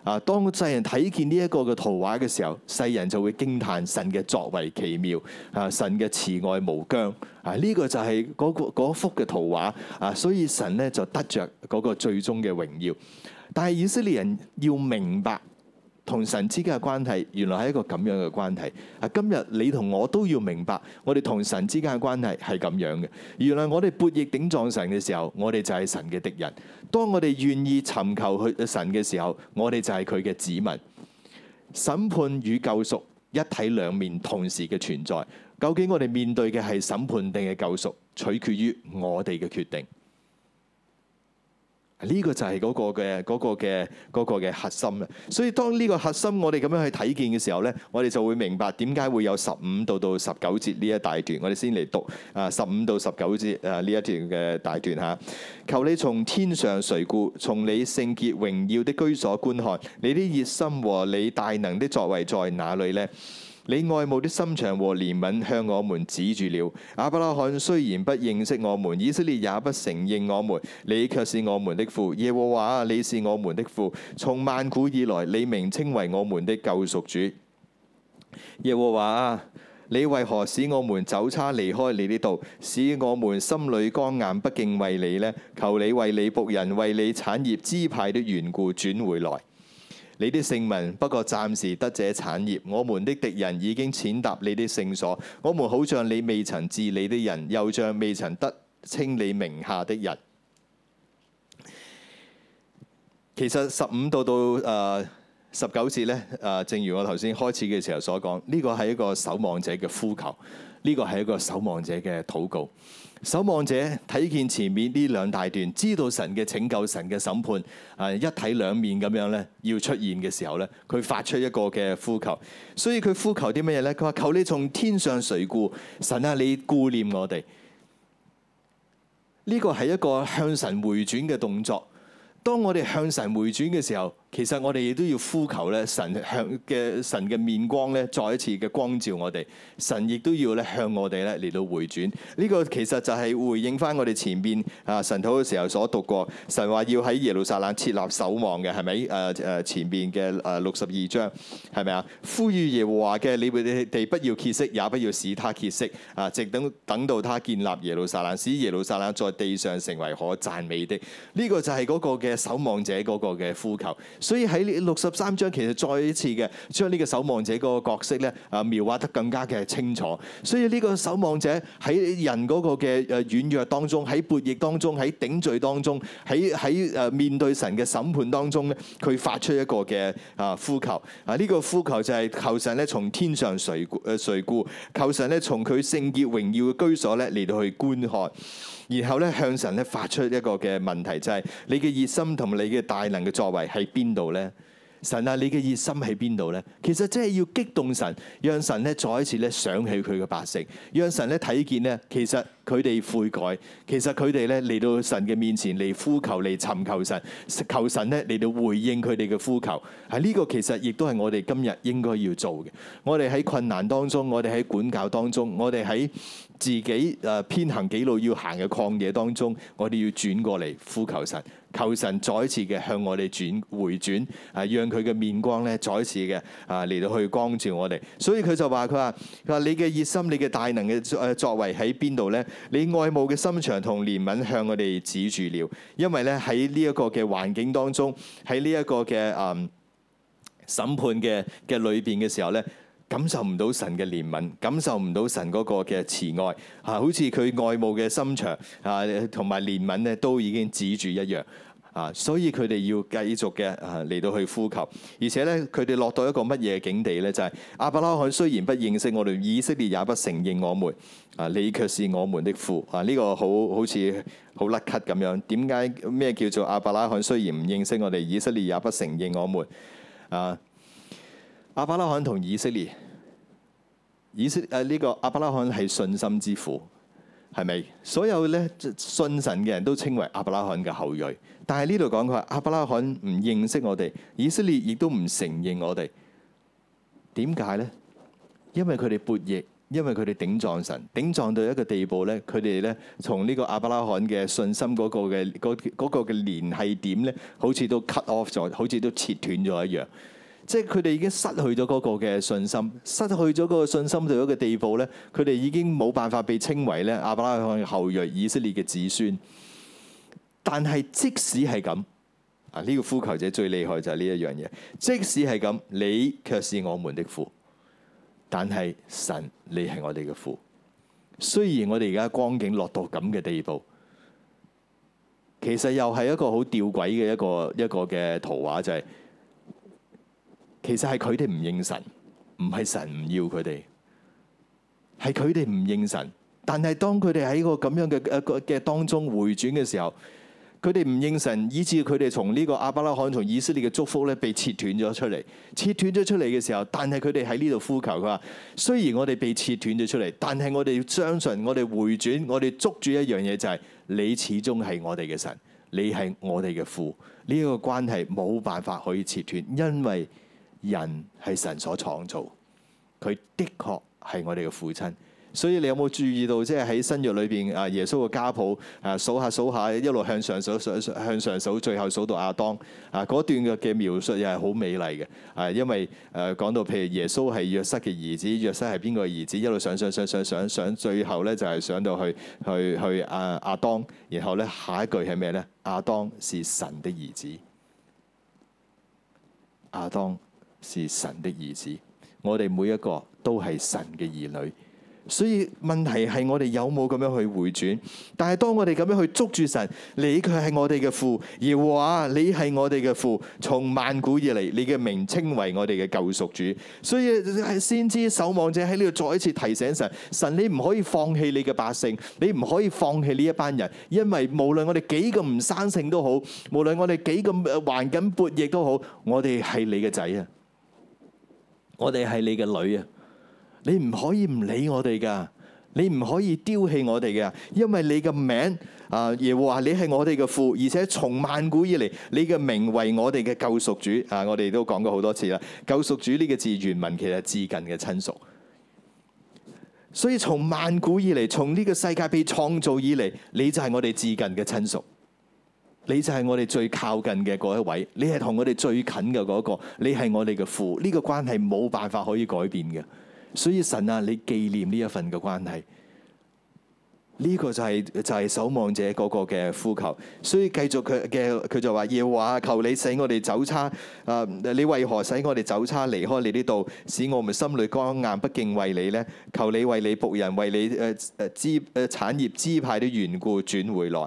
啊，當世人睇見呢一個嘅圖畫嘅時候，世人就會驚嘆神嘅作為奇妙啊，神嘅慈愛無疆啊，呢、這個就係嗰個幅嘅圖畫啊，所以神咧就得着嗰個最終嘅榮耀。但係以色列人要明白，同神之間嘅關係，原來係一個咁樣嘅關係。今日你同我都要明白，我哋同神之間嘅關係係咁樣嘅。原來我哋背逆頂撞神嘅時候，我哋就係神嘅敵人；當我哋願意尋求佢神嘅時候，我哋就係佢嘅子民。審判與救贖一體兩面同時嘅存在，究竟我哋面對嘅係審判定係救贖，取決於我哋嘅決定。呢個就係嗰個嘅嗰個嘅嗰個嘅核心啦。所以當呢個核心我哋咁樣去睇見嘅時候呢，我哋就會明白點解會有十五到到十九節呢一大段。我哋先嚟讀啊十五到十九節啊，呢一段嘅大段嚇。求你從天上垂顧，從你聖潔榮耀的居所觀看，你的熱心和你大能的作為在哪裏呢？你愛慕的心腸和憐憫向我們止住了。亞伯拉罕雖然不認識我們，以色列也不承認我們，你卻是我們的父。耶和華，你是我們的父，從萬古以來，你名稱為我們的救贖主。耶和華啊，你為何使我們走差離開你的道，使我們心裏剛硬，不敬畏你呢？求你為你僕人、為你產業支派的緣故轉回來。你的聖民，不過暫時得這產業；我們的敵人已經踐踏你的聖所。我們好像你未曾治理的人，又像未曾得稱你名下的人。其實十五到到誒十九節呢，誒，正如我頭先開始嘅時候所講，呢個係一個守望者嘅呼求，呢個係一個守望者嘅禱告。守望者睇見前面呢兩大段，知道神嘅拯救、神嘅審判，啊一體兩面咁樣咧，要出現嘅時候咧，佢發出一個嘅呼求。所以佢呼求啲乜嘢咧？佢話求你從天上垂顧，神啊，你顧念我哋。呢個係一個向神回轉嘅動作。當我哋向神回轉嘅時候。其實我哋亦都要呼求咧，神向嘅神嘅面光咧，再一次嘅光照我哋。神亦都要咧向我哋咧嚟到回轉。呢個其實就係回應翻我哋前邊啊神土嘅時候所讀過。神話要喺耶路撒冷設立守望嘅，係咪？誒誒前邊嘅誒六十二章係咪啊？呼籲耶和華嘅，你哋不要歇息，也不要使他歇息。啊，直等等到他建立耶路撒冷，使耶路撒冷在地上成為可讚美的。呢個就係嗰個嘅守望者嗰個嘅呼求。所以喺六十三章其實再一次嘅將呢個守望者嗰個角色咧啊描畫得更加嘅清楚。所以呢個守望者喺人嗰個嘅誒軟弱當中，喺悖逆當中，喺頂罪當中，喺喺誒面對神嘅審判當中咧，佢發出一個嘅啊呼求啊，呢個呼求就係求神咧從天上垂顧誒垂顧，求神咧從佢聖潔榮耀嘅居所咧嚟到去觀看。然後咧，向神咧發出一個嘅問題，就係、是、你嘅熱心同你嘅大能嘅作為喺邊度呢？神啊，你嘅熱心喺邊度呢？其實即係要激動神，讓神咧再一次咧想起佢嘅百姓，讓神咧睇見呢。其實佢哋悔改，其實佢哋咧嚟到神嘅面前嚟呼求嚟尋求神，求神咧嚟到回應佢哋嘅呼求。喺、這、呢個其實亦都係我哋今日應該要做嘅。我哋喺困難當中，我哋喺管教當中，我哋喺。自己誒偏行己路要行嘅曠野當中，我哋要轉過嚟呼求神，求神再一次嘅向我哋轉回轉，啊，讓佢嘅面光咧，再次嘅啊嚟到去光照我哋。所以佢就話：佢話，佢話，你嘅熱心、你嘅大能嘅誒作為喺邊度咧？你愛慕嘅心腸同憐憫向我哋止住了，因為咧喺呢一個嘅環境當中，喺呢一個嘅誒審判嘅嘅裏邊嘅時候咧。感受唔到神嘅憐憫，感受唔到神嗰個嘅慈愛，嚇好似佢愛慕嘅心腸，嚇同埋憐憫咧，都已經止住一樣，嚇所以佢哋要繼續嘅嚇嚟到去呼求，而且呢，佢哋落到一個乜嘢境地呢？就係、是、亞伯拉罕雖然不認識我哋，以色列也不承認我們，啊你卻是我們的父，啊呢、這個好好似好甩咳咁樣，點解咩叫做亞伯拉罕雖然唔認識我哋，以色列也不承認我們啊？亞伯拉罕同以色列，以色誒呢個亞伯拉罕係信心之父，係咪？所有咧信神嘅人都稱為亞伯拉罕嘅後裔。但係呢度講佢話亞伯拉罕唔認識我哋，以色列亦都唔承認我哋。點解咧？因為佢哋悖逆，因為佢哋頂撞神，頂撞到一個地步咧，佢哋咧從呢個亞伯拉罕嘅信心嗰個嘅嗰個嘅聯繫點咧，好似都 cut off 咗，好似都切斷咗一樣。即係佢哋已經失去咗嗰個嘅信心，失去咗嗰個信心到一個地步咧，佢哋已經冇辦法被稱為咧阿伯拉罕後裔、以色列嘅子孫。但係即使係咁，啊、這、呢個呼求者最厲害就係呢一樣嘢。即使係咁，你卻是我們的父，但係神你係我哋嘅父。雖然我哋而家光景落到咁嘅地步，其實又係一個好吊詭嘅一個一個嘅圖畫就係、是。其實係佢哋唔認神，唔係神唔要佢哋，係佢哋唔認神。但係當佢哋喺個咁樣嘅一個嘅當中回轉嘅時候，佢哋唔認神，以致佢哋從呢個亞伯拉罕同以色列嘅祝福咧被切斷咗出嚟，切斷咗出嚟嘅時候。但係佢哋喺呢度呼求，佢話雖然我哋被切斷咗出嚟，但係我哋要相信我哋回轉，我哋捉住一樣嘢就係、是、你始終係我哋嘅神，你係我哋嘅父呢一、這個關係冇辦法可以切斷，因為，人係神所創造，佢的確係我哋嘅父親。所以你有冇注意到，即係喺新約裏邊啊，耶穌嘅家譜啊，數下數下，一路向上數數向上數，最後數到阿當啊，嗰段嘅描述又係好美麗嘅。啊，因為誒講、呃、到譬如耶穌係約瑟嘅兒子，約瑟係邊個嘅兒子，一路上上上上上上，最後咧就係上到去去去阿亞、啊、當，然後咧下一句係咩咧？阿、啊、當是神的兒子、亞、啊、當。是神的兒子，我哋每一個都係神嘅兒女，所以問題係我哋有冇咁樣去回轉？但係當我哋咁樣去捉住神，你卻係我哋嘅父，而話你係我哋嘅父。從萬古以嚟，你嘅名稱為我哋嘅救贖主。所以係先知守望者喺呢度再一次提醒神：神，你唔可以放棄你嘅百姓，你唔可以放棄呢一班人，因為無論我哋幾個唔生性都好，無論我哋幾個患緊薄亦都好，我哋係你嘅仔啊！我哋係你嘅女啊！你唔可以唔理我哋噶你唔可以丟棄我哋噶因為你嘅名啊，耶和華你係我哋嘅父，而且從萬古以嚟，你嘅名為我哋嘅救贖主啊！我哋都講過好多次啦，救贖主呢個字原文其實係至近嘅親屬，所以從萬古以嚟，從呢個世界被創造以嚟，你就係我哋至近嘅親屬。你就係我哋最靠近嘅嗰一位，你係同我哋最近嘅嗰一個，你係我哋嘅父，呢、這個關係冇辦法可以改變嘅。所以神啊，你紀念呢一份嘅關係，呢、這個就係、是、就係、是、守望者個個嘅呼求。所以繼續佢嘅佢就話要話求你使我哋走差啊！你為何使我哋走差離開你呢度，使我們心裏剛硬不敬畏你呢？求你為你僕人為你誒誒支誒產業支派的緣故轉回來。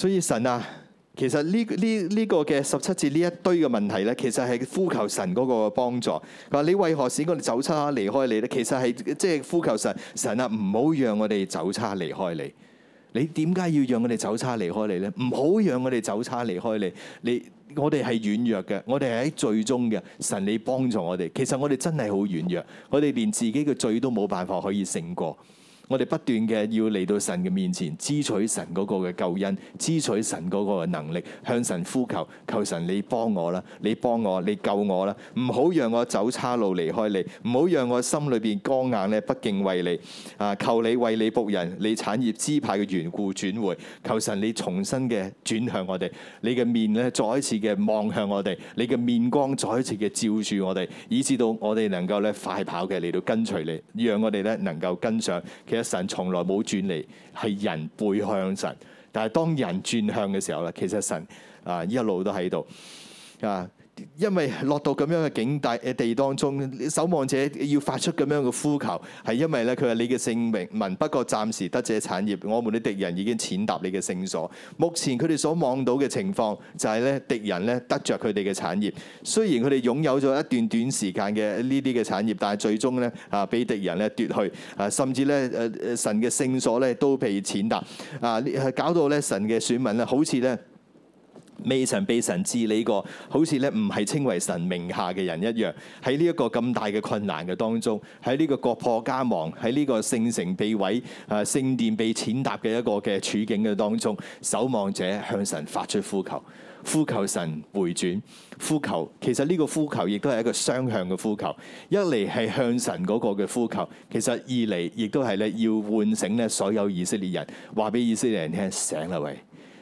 所以神啊，其實呢呢呢個嘅、這個、十七節呢一堆嘅問題呢，其實係呼求神嗰個幫助。話你為何使我哋走差離開你呢？其實係即係呼求神，神啊，唔好讓我哋走差離開你。你點解要讓我哋走差離開你呢？唔好讓我哋走差離開你。你我哋係軟弱嘅，我哋係喺罪中嘅。神，你幫助我哋。其實我哋真係好軟弱，我哋連自己嘅罪都冇辦法可以勝過。我哋不斷嘅要嚟到神嘅面前，支取神嗰個嘅救恩，支取神嗰個嘅能力，向神呼求，求神你幫我啦，你幫我，你救我啦，唔好讓我走岔路離開你，唔好讓我心裏邊剛硬咧不敬畏你啊！求你為你僕人、你產業支派嘅緣故轉回，求神你重新嘅轉向我哋，你嘅面咧再一次嘅望向我哋，你嘅面光再一次嘅照住我哋，以致到我哋能夠咧快跑嘅嚟到跟隨你，讓我哋咧能夠跟上。其實。神從來冇轉嚟，係人背向神。但係當人轉向嘅時候咧，其實神啊一路都喺度啊。因為落到咁樣嘅境地當中，守望者要發出咁樣嘅呼求，係因為咧佢話你嘅聖民不過暫時得著產業，我們啲敵人已經踐踏你嘅聖所。目前佢哋所望到嘅情況就係咧，敵人咧得着佢哋嘅產業，雖然佢哋擁有咗一段短時間嘅呢啲嘅產業，但係最終咧啊，俾敵人咧奪去啊，甚至咧誒誒神嘅聖所咧都被踐踏啊，搞到咧神嘅選民咧好似咧。未神被神治理過，好似咧唔係稱為神名下嘅人一樣。喺呢一個咁大嘅困難嘅當中，喺呢個國破家亡，喺呢個聖城被毀，啊聖殿被踐踏嘅一個嘅處境嘅當中，守望者向神發出呼求，呼求神回轉，呼求。其實呢個呼求亦都係一個雙向嘅呼求，一嚟係向神嗰個嘅呼求，其實二嚟亦都係咧要喚醒咧所有以色列人，話俾以色列人聽，醒啦喂，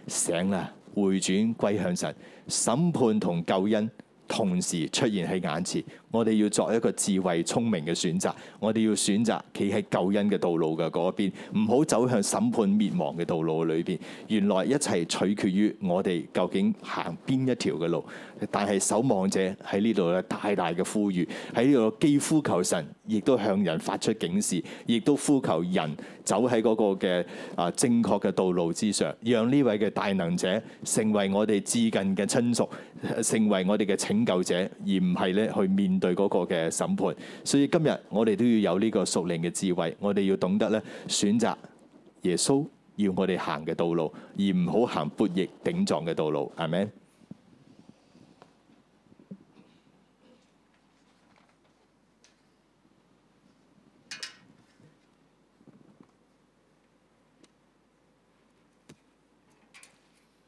醒啦！回轉歸向神，審判同救恩同時出現喺眼前。我哋要作一個智慧聰明嘅選擇，我哋要選擇企喺救恩嘅道路嘅嗰邊，唔好走向審判滅亡嘅道路裏邊。原來一切取決於我哋究竟行邊一條嘅路。但係守望者喺呢度咧，大大嘅呼籲，喺呢度既呼求神，亦都向人發出警示，亦都呼求人走喺嗰個嘅啊正確嘅道路之上，讓呢位嘅大能者成為我哋至近嘅親屬，成為我哋嘅拯救者，而唔係咧去面。對嗰個嘅審判，所以今日我哋都要有呢個熟練嘅智慧，我哋要懂得咧選擇耶穌要我哋行嘅道路，而唔好行悖逆頂撞嘅道路，係咪啊？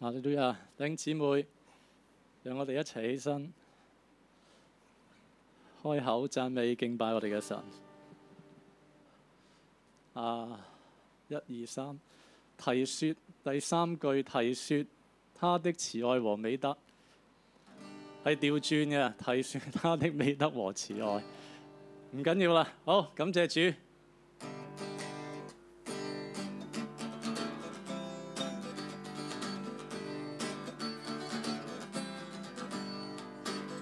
嗱，李主席啊，弟兄姊妹，讓我哋一齊起身。開口讚美敬拜我哋嘅神。啊，一二三，提說第三句，提說他的慈愛和美德，係調轉嘅提說他的美德和慈愛，唔緊要啦。好，感謝主。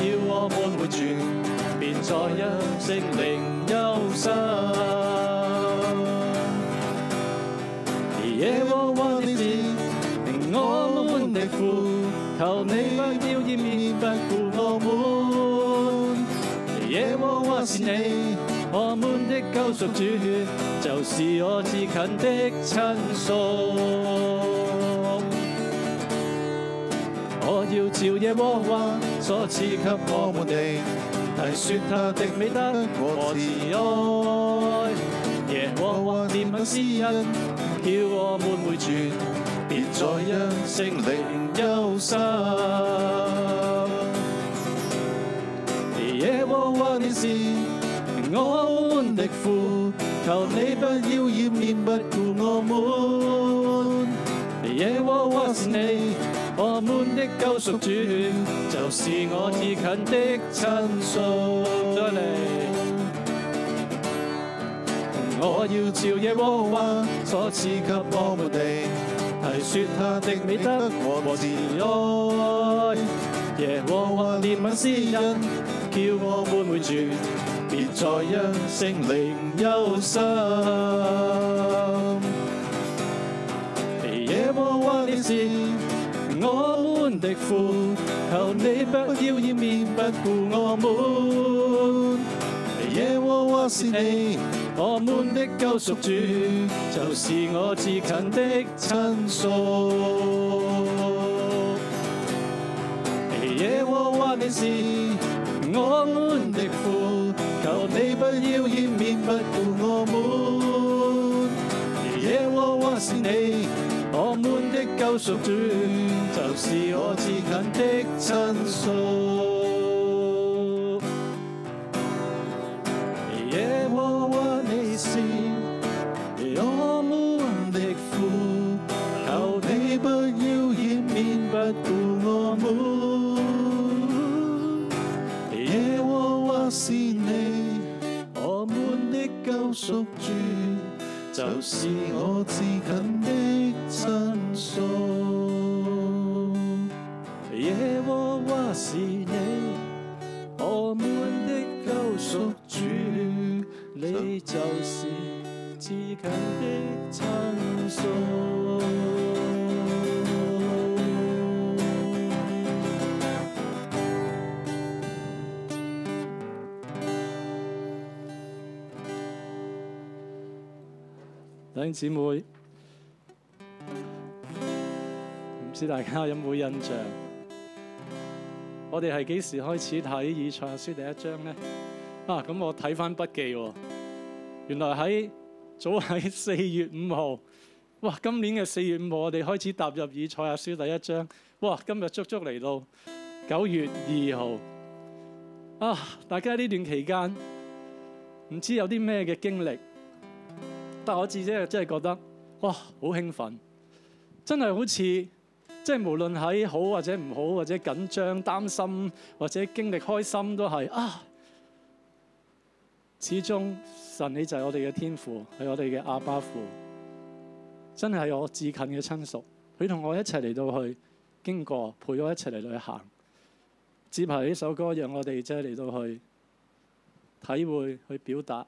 要我們活住，別再一聲聲憂傷。耶和華是你， 我們的父，求你不要掩免不顧我們。耶和華是你， 我們的救贖主血，就是我至近的親屬。我要照耶和華所賜給我們的，提説他的美德和慈愛。耶和華念向詩人，叫我們回轉，別再一聲靈憂傷。耶和華你是我們的父，求你不要掩面不顧我們。耶和華是你。我們的救贖主就是我至近的親屬，再 嚟樂。我要朝耶和華所賜給我們的，提説他的美德和慈愛。耶和華憐憫私人，叫我們回住，別再因聖靈憂傷。耶和華的詩。我們的父，求你不要掩面不顧我們。耶和華是你，我們的救贖主，就是我至近的親屬。耶和華你是我們的父，求你不要掩面不顧我們。耶和華是你。我們的救贖主就是我至近的親屬。耶和華你是我們的父，求你不要掩面不顧我們。耶和華是你，我們的救贖主。就是我至近的親屬，耶和華是你何滿的救贖主，你就是至近的親屬。弟兄姊妹，唔知大家有冇印象？我哋係幾時開始睇《以賽亞書》第一章呢？啊，咁我睇翻筆記睇返筆記喎，原來喺早喺四月五號，哇！今年嘅四月五號，我哋開始踏入《以賽亞書》第一章，哇！今日足足嚟到九月二號，啊！大家呢段期間唔知有啲咩嘅經歷？但我自己真係覺得，哇，好興奮！真係好似即係無論喺好或者唔好或者緊張擔心或者經歷開心都係啊！始終神你就係我哋嘅天父，係我哋嘅阿爸父，真係我至近嘅親屬。佢同我一齊嚟到去經過，陪我一齊嚟到去行。接下呢首歌，讓我哋即係嚟到去體會去表達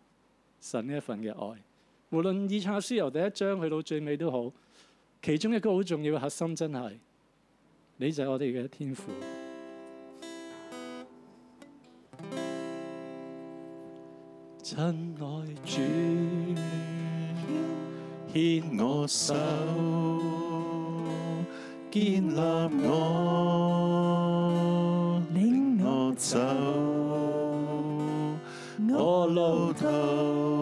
神呢一份嘅愛。無論《以賽亞書》由第一章去到最尾都好，其中一個好重要嘅核心真係，你就係我哋嘅天父。親愛主，牽我手，建立我，領我走，我路頭。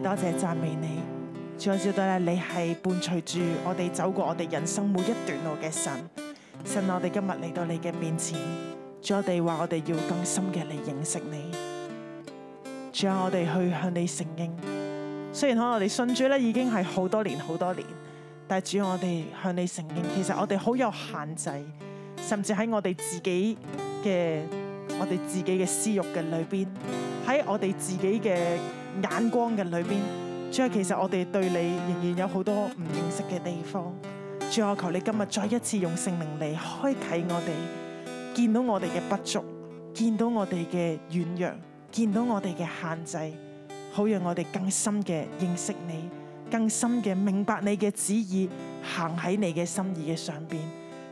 多謝讚美你，主啊，知道咧，你係伴隨住我哋走過我哋人生每一段路嘅神。甚至我哋今日嚟到你嘅面前，主啊，我哋話我哋要更深嘅嚟認識你。主啊，我哋去向你承認，雖然可能我哋信主咧已經係好多年好多年，但係主啊，我哋向你承認，其實我哋好有限制，甚至喺我哋自己嘅我哋自己嘅私欲嘅裏邊。喺我哋自己嘅眼光嘅裏邊，主啊，其實我哋對你仍然有好多唔認識嘅地方。主啊，求你今日再一次用聖靈嚟開啟我哋，見到我哋嘅不足，見到我哋嘅軟弱，見到我哋嘅限制，好讓我哋更深嘅認識你，更深嘅明白你嘅旨意，行喺你嘅心意嘅上邊，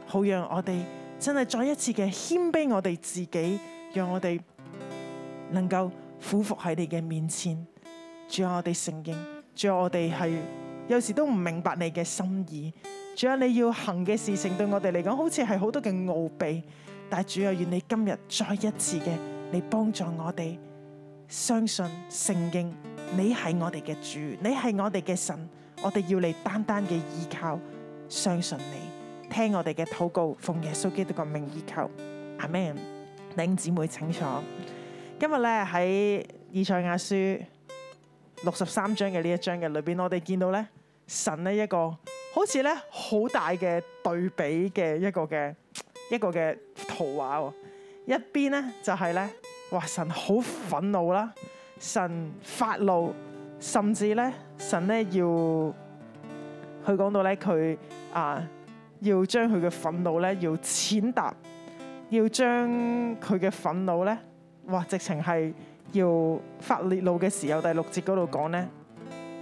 好讓我哋真係再一次嘅謙卑我哋自己，讓我哋能夠。俯伏喺你嘅面前，主啊，我哋聖經，主啊，我哋係有時都唔明白你嘅心意，主啊，你要行嘅事情對我哋嚟講好似係好多嘅奧秘。但係主啊，願你今日再一次嘅你幫助我哋，相信聖經，你係我哋嘅主，你係我哋嘅神，我哋要你單單嘅依靠，相信你，聽我哋嘅禱告，奉耶穌基督嘅名依靠，阿門。弟兄姊妹，請坐。今日咧喺以賽亞書六十三章嘅呢一章嘅裏邊，我哋見到咧神呢一個好似咧好大嘅對比嘅一個嘅一個嘅圖畫，就是。一邊咧就係咧哇，神好憤怒啦，神發怒，甚至咧神咧要佢講到咧佢啊要將佢嘅憤怒咧要踐踏，要將佢嘅憤怒咧。哇！直情係要發烈怒嘅時候，第六節嗰度講咧，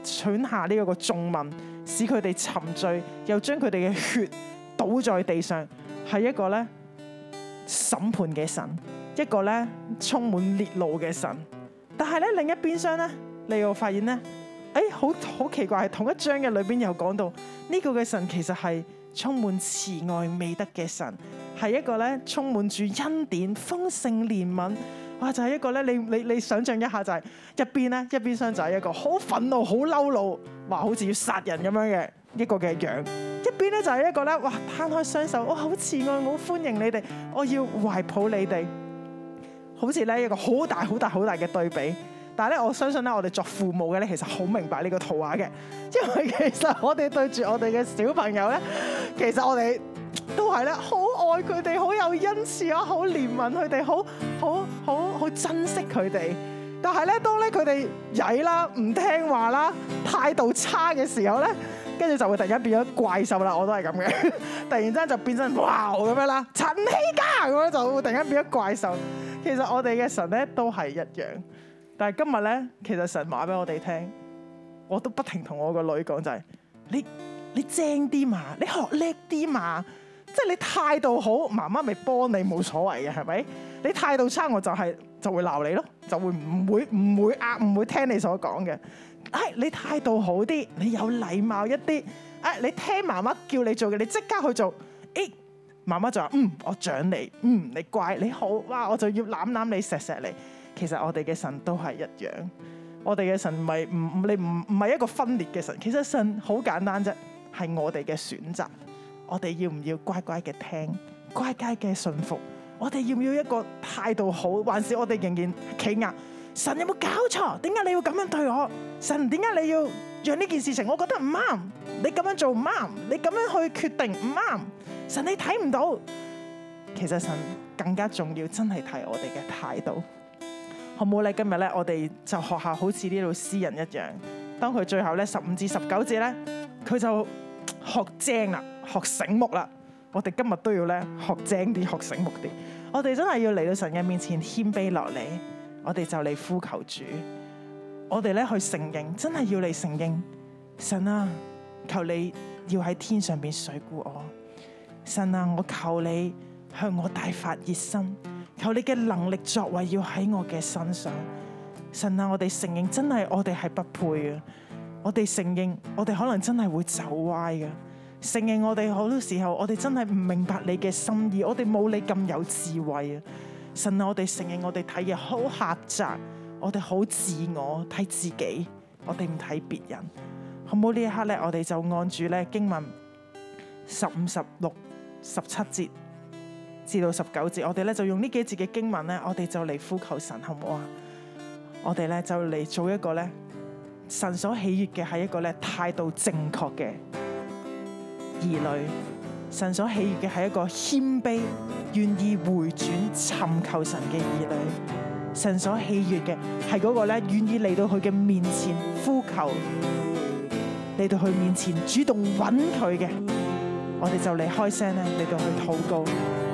踹下呢一個眾民，使佢哋沉醉，又將佢哋嘅血倒在地上，係一個咧審判嘅神，一個咧充滿烈怒嘅神。但係咧另一邊廂咧，你又發現咧，誒好好奇怪，同一章嘅裏邊又講到呢，這個嘅神其實係充滿慈愛美德嘅神，係一個咧充滿住恩典、豐盛憐憫。哇！就係一個咧，你你你想象一下，就係一邊咧一邊廂就係一個好憤怒、好嬲怒，話好似要殺人咁樣嘅一個嘅樣；一邊咧就係一個咧，哇！攤開雙手，我好慈愛，好歡迎你哋，我要懷抱你哋，好似咧一個好大、好大、好大嘅對比。但係咧，我相信咧，我哋作父母嘅咧，其實好明白呢個圖畫嘅，因為其實我哋對住我哋嘅小朋友咧，其實我哋。都係咧，好愛佢哋，好有恩賜啊，好憐憫佢哋，好好好好珍惜佢哋。但係咧，當咧佢哋曳啦、唔聽話啦、態度差嘅時候咧，跟住就會突然間變咗怪獸啦。我都係咁嘅。 突然間就變身哇咁樣啦，陳希嘉咁樣就會突然間變咗怪獸。其實我哋嘅神咧都係一樣，但係今日咧，其實神話俾我哋聽，我都不停同我個女講就係、是：你你精啲嘛，你學叻啲嘛。即係你態度好，媽媽咪幫你冇所謂嘅，係咪？你態度差，我就係就會鬧你咯，就會唔會唔會壓唔會聽你所講嘅。哎，你態度好啲，你有禮貌一啲，哎，你聽媽媽叫你做嘅，你即刻去做。哎，媽媽就話嗯，我獎你，嗯，你乖你好，哇，我就要攬攬你，錫錫你。其實我哋嘅神都係一樣，我哋嘅神咪唔你唔唔係一個分裂嘅神，其實神好簡單啫，係我哋嘅選擇。我哋要唔要乖乖嘅聽，乖乖嘅信服？我哋要唔要一個態度好，還是我哋仍然企硬？神有冇搞錯？點解你要咁樣對我？神點解你要讓呢件事情？我覺得唔啱，你咁樣做唔啱，你咁樣去決定唔啱。神你睇唔到，其實神更加重要，真係睇我哋嘅態度，好唔好咧？今日咧，我哋就學下好似呢度詩人一樣，當佢最後咧十五至十九節咧，佢就。學精啦，學醒目啦，我哋今日都要咧學精啲，學醒目啲。我哋真係要嚟到神嘅面前謙卑落嚟，我哋就嚟呼求主，我哋咧去承認，真係要嚟承認。神啊，求你要喺天上邊垂顧我。神啊，我求你向我大發熱心，求你嘅能力作為要喺我嘅身上。神啊，我哋承認真係我哋係不配嘅。我哋承認，我哋可能真係會走歪嘅。承認我哋好多時候，我哋真係唔明白你嘅心意，我哋冇你咁有智慧啊！神啊，我哋承認，我哋睇嘢好狹窄，我哋好自我，睇自己，我哋唔睇別人。好冇呢一刻咧，我哋就按住咧經文十五、十六、十七節至到十九節，我哋咧就用呢幾節嘅經文咧，我哋就嚟呼求神，好冇啊！我哋咧就嚟做一個咧。神所喜悅嘅係一個咧態度正確嘅兒女，神所喜悅嘅係一個謙卑願意回轉尋求神嘅兒女，神所喜悅嘅係嗰個咧願意嚟到佢嘅面前呼求，嚟到佢面前主動揾佢嘅，我哋就嚟開聲咧嚟到去禱告。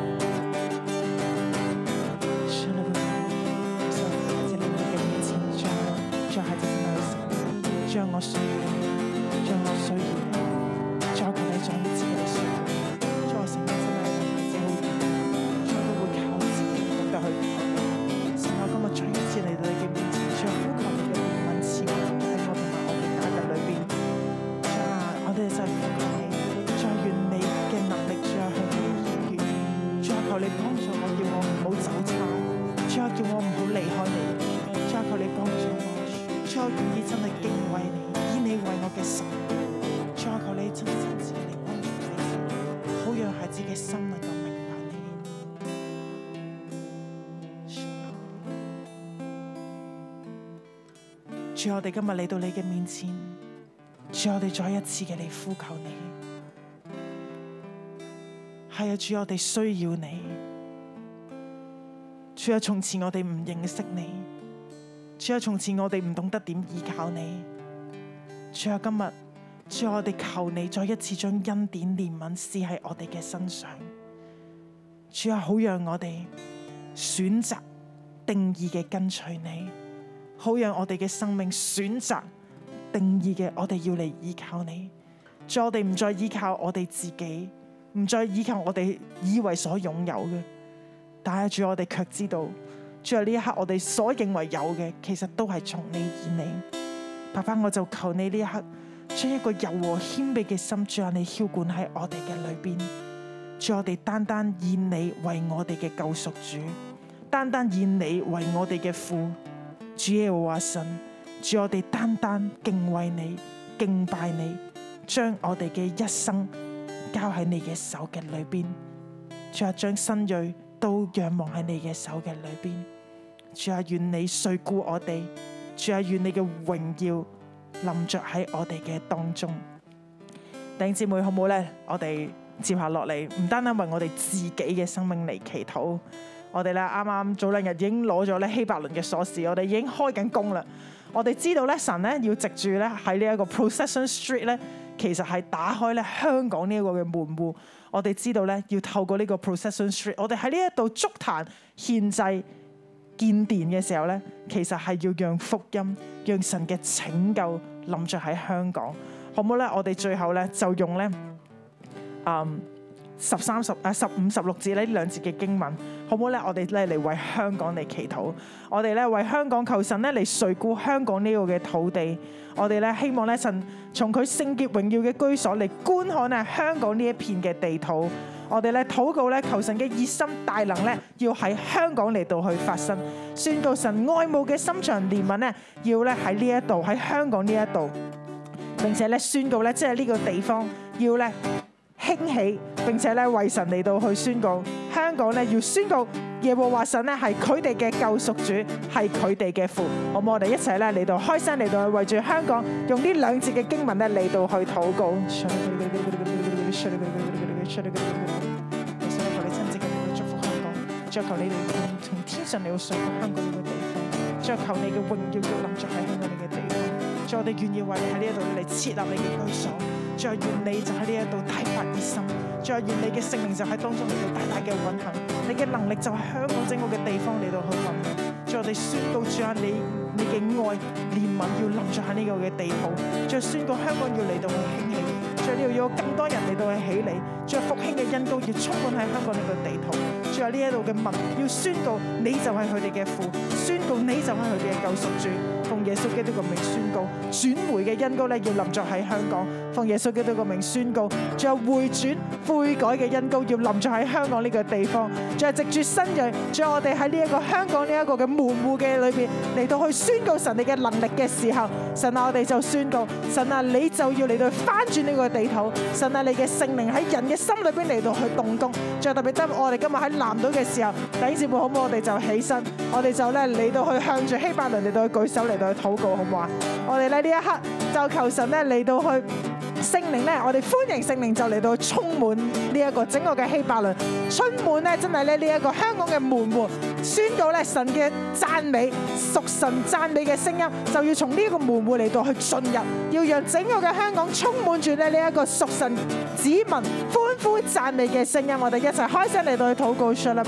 主，我哋今日嚟到你嘅面前，主，我哋再一次嘅嚟呼求你，係啊，主，我哋需要你。主啊，從前我哋唔認識你，主啊，從前我哋唔懂得點依靠你，主啊，今日，主，我哋求你再一次將恩典憐憫施喺我哋嘅身上，主啊，好讓我哋選擇定義嘅跟隨你。好讓我哋嘅生命選擇定義嘅，我哋要嚟依靠你。祝我哋唔再依靠我哋自己，唔再依靠我哋以為所擁有嘅。但係，祝我哋卻知道，祝喺呢一刻我哋所認為有嘅，其實都係從你而嚟。爸爸，我就求你呢一刻，將一個柔和謙卑嘅心，將你澆灌喺我哋嘅裏邊。祝我哋單單以你為我哋嘅救贖主，單單以你為我哋嘅父。主耶和華神，主我哋單單敬畏你、敬拜你，將我哋嘅一生交喺你嘅手嘅裏邊。主啊，將新蕊都仰望喺你嘅手嘅裏邊。主啊，願你垂顧我哋。主啊，願你嘅榮耀臨着喺我哋嘅當中。弟兄姊妹好唔好咧？我哋接下落嚟，唔單單為我哋自己嘅生命嚟祈禱。我哋咧啱啱早兩日已經攞咗咧希伯倫嘅鎖匙，我哋已經開緊工啦。我哋知道咧神咧要藉住咧喺呢一個 Procession Street 咧，其實係打開咧香港呢一個嘅門戶。我哋知道咧要透過呢個 Procession Street，我哋喺呢一度築壇獻祭建殿嘅時候咧，其實係要讓福音、讓神嘅拯救臨住喺香港。好唔好咧？我哋最後咧就用咧，嗯。十三十啊十五十六節呢兩節嘅經文，好唔好咧？我哋咧嚟為香港嚟祈禱，我哋咧為香港求神咧嚟垂顧香港呢個嘅土地，我哋咧希望咧神從佢聖潔榮耀嘅居所嚟觀看咧香港呢一片嘅地土，我哋咧禱告咧求神嘅熱心大能咧要喺香港嚟到去發生，宣告神愛慕嘅心腸憐憫咧要咧喺呢一度喺香港呢一度，並且咧宣告咧即係呢個地方要咧，興起，並且咧為神嚟到去宣告，香港咧要宣告耶和華神咧係佢哋嘅救贖主，係佢哋嘅父。好，我哋一齊咧嚟到開聲嚟到去為住香港，用呢兩節嘅經文咧嚟到去禱告。上帝 求你親自嘅祝福香港，再求你哋從天上嚟到垂顧香港呢個地方，再求你嘅榮耀要臨在喺。我哋願意為你喺呢一度嚟設立你嘅居所，最後願你就喺呢一度大發熱心，最後願你嘅性命就喺當中嚟到大大嘅運行，你嘅能力就喺香港整個嘅地方嚟到去運行。最後我哋宣告，最後你你嘅愛憐憫要臨在喺呢個嘅地圖，最後宣告香港要嚟到我哋興起，最後要有更多人嚟到去起。你，最後復興嘅因都要充滿喺香港呢個地圖，最後呢一度嘅民要宣告你就係佢哋嘅父，宣告你就係佢哋嘅救贖主。奉耶穌基督個名宣告，轉回嘅恩膏咧要臨在喺香港；奉耶穌基督個名宣告，仲有回轉悔改嘅恩膏要臨在喺香港呢個地方；仲有植主新蕊，仲有我哋喺呢一個香港呢一個嘅門戶嘅裏邊嚟到去宣告神你嘅能力嘅時候，神啊我哋就宣告，神啊你就要嚟到去翻轉呢個地土，神啊你嘅聖靈喺人嘅心裏邊嚟到去動工。仲特別真愛，我哋今日喺南島嘅時候，頂住會好唔好？我哋就起身，我哋就咧嚟到去向住希伯倫嚟到去舉手嚟在禱告好唔好啊？我哋咧呢一刻就求神咧嚟到去聖靈咧，我哋歡迎聖靈就嚟到充滿呢一個整個嘅希伯倫，充滿咧真係咧呢一個香港嘅門戶。宣告咧神嘅讚美，屬神讚美嘅聲音就要從呢個門戶嚟到去進入，要讓整個嘅香港充滿住咧呢一個屬神子民歡呼讚美嘅聲音，我哋一齊開聲嚟到去禱告上啦！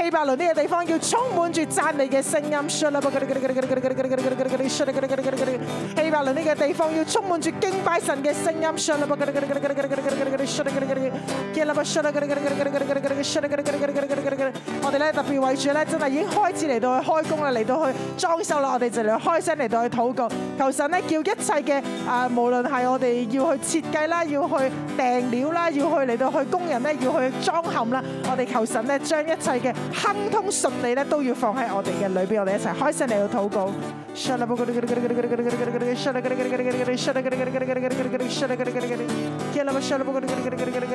希伯倫呢個地方要充滿住讚美嘅聲音，希伯倫呢個地方要充滿住敬拜神嘅聲音。我哋咧特別為住咧，真係已經開始嚟到去開工啦，嚟到去裝修啦，我哋就嚟開聲嚟到去禱告。求神咧叫一切嘅啊，無論係我哋要去設計啦，要去訂料啦，要去嚟到去工人呢，要去裝嵌啦，我哋求神咧將一切嘅亨通順利呢，都要放喺我哋嘅裏邊，我哋一齊開聲嚟到禱告。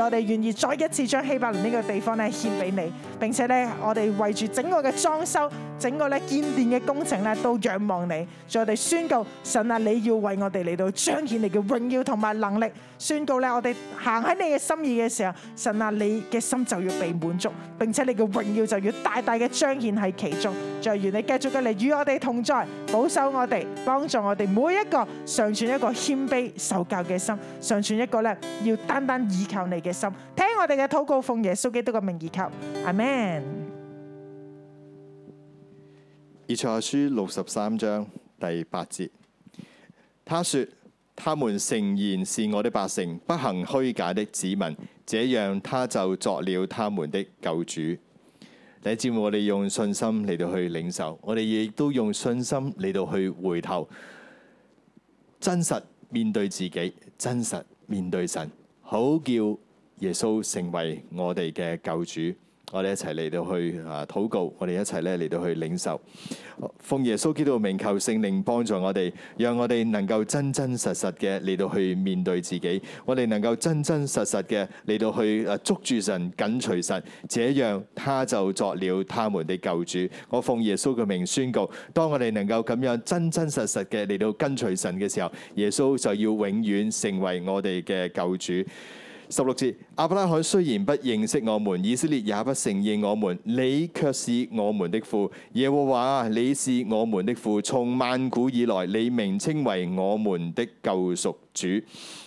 我哋願意再一次將希伯倫呢個地方咧獻俾你，並且咧我哋為住整個嘅裝修、整個咧建殿嘅工程咧都仰望你。在我哋宣告神啊，你要為我哋嚟到彰顯你嘅榮耀同埋能力。宣告咧，我哋行喺你嘅心意嘅時候，神啊，你嘅心就要被滿足，並且你嘅榮耀就要大大嘅彰顯喺其中。在願你繼續嘅嚟與我哋同在，保守我哋，幫助我哋每一個，常存一個謙卑受教嘅心，常存一個咧要單單倚靠你。嘅心。聽我哋嘅禱告，奉耶穌基督嘅名義求，阿門。以賽亞書六十三章第八節，他說：他們誠然是我的百姓，不行虛假的子民，這樣他就作了他們的救主。喺節目我哋用信心嚟到去領受，我哋亦都用信心嚟到去回頭，真實面對自己，真實面對神，好叫。耶穌成為我哋嘅救主，我哋一齊嚟到去啊禱告，我哋一齊咧嚟到去領受。奉耶穌基督嘅名求聖靈幫助我哋，讓我哋能夠真真實實嘅嚟到去面對自己，我哋能夠真真實實嘅嚟到去捉住神，緊隨神，這樣他就作了他們嘅救主。我奉耶穌嘅名宣告，當我哋能夠咁樣真真實實嘅嚟到跟隨神嘅時候，耶穌就要永遠成為我哋嘅救主。十六節。亞伯拉罕雖然不認識我們，以色列也不承認我們，你卻是我們的父。耶和華啊，你是我們的父，從萬古以來，你名稱為我們的救贖主。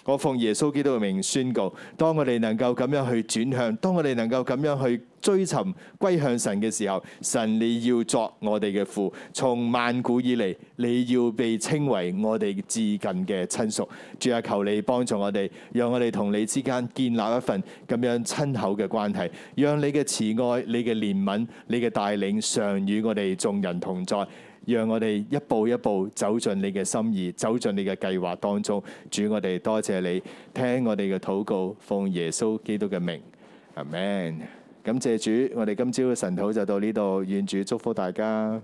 我奉耶穌基督嘅名宣告：當我哋能夠咁樣去轉向，當我哋能夠咁樣去追尋、歸向神嘅時候，神你要作我哋嘅父，從萬古以嚟，你要被稱為我哋至近嘅親屬。主啊，求你幫助我哋，讓我哋同你之間建立一份。咁樣親口嘅關係，讓你嘅慈愛、你嘅憐憫、你嘅帶領，常與我哋眾人同在。讓我哋一步一步走進你嘅心意，走進你嘅計劃當中。主，我哋多謝你聽我哋嘅禱告，奉耶穌基督嘅名，阿門。感謝主，我哋今朝嘅神禱就到呢度，願主祝福大家。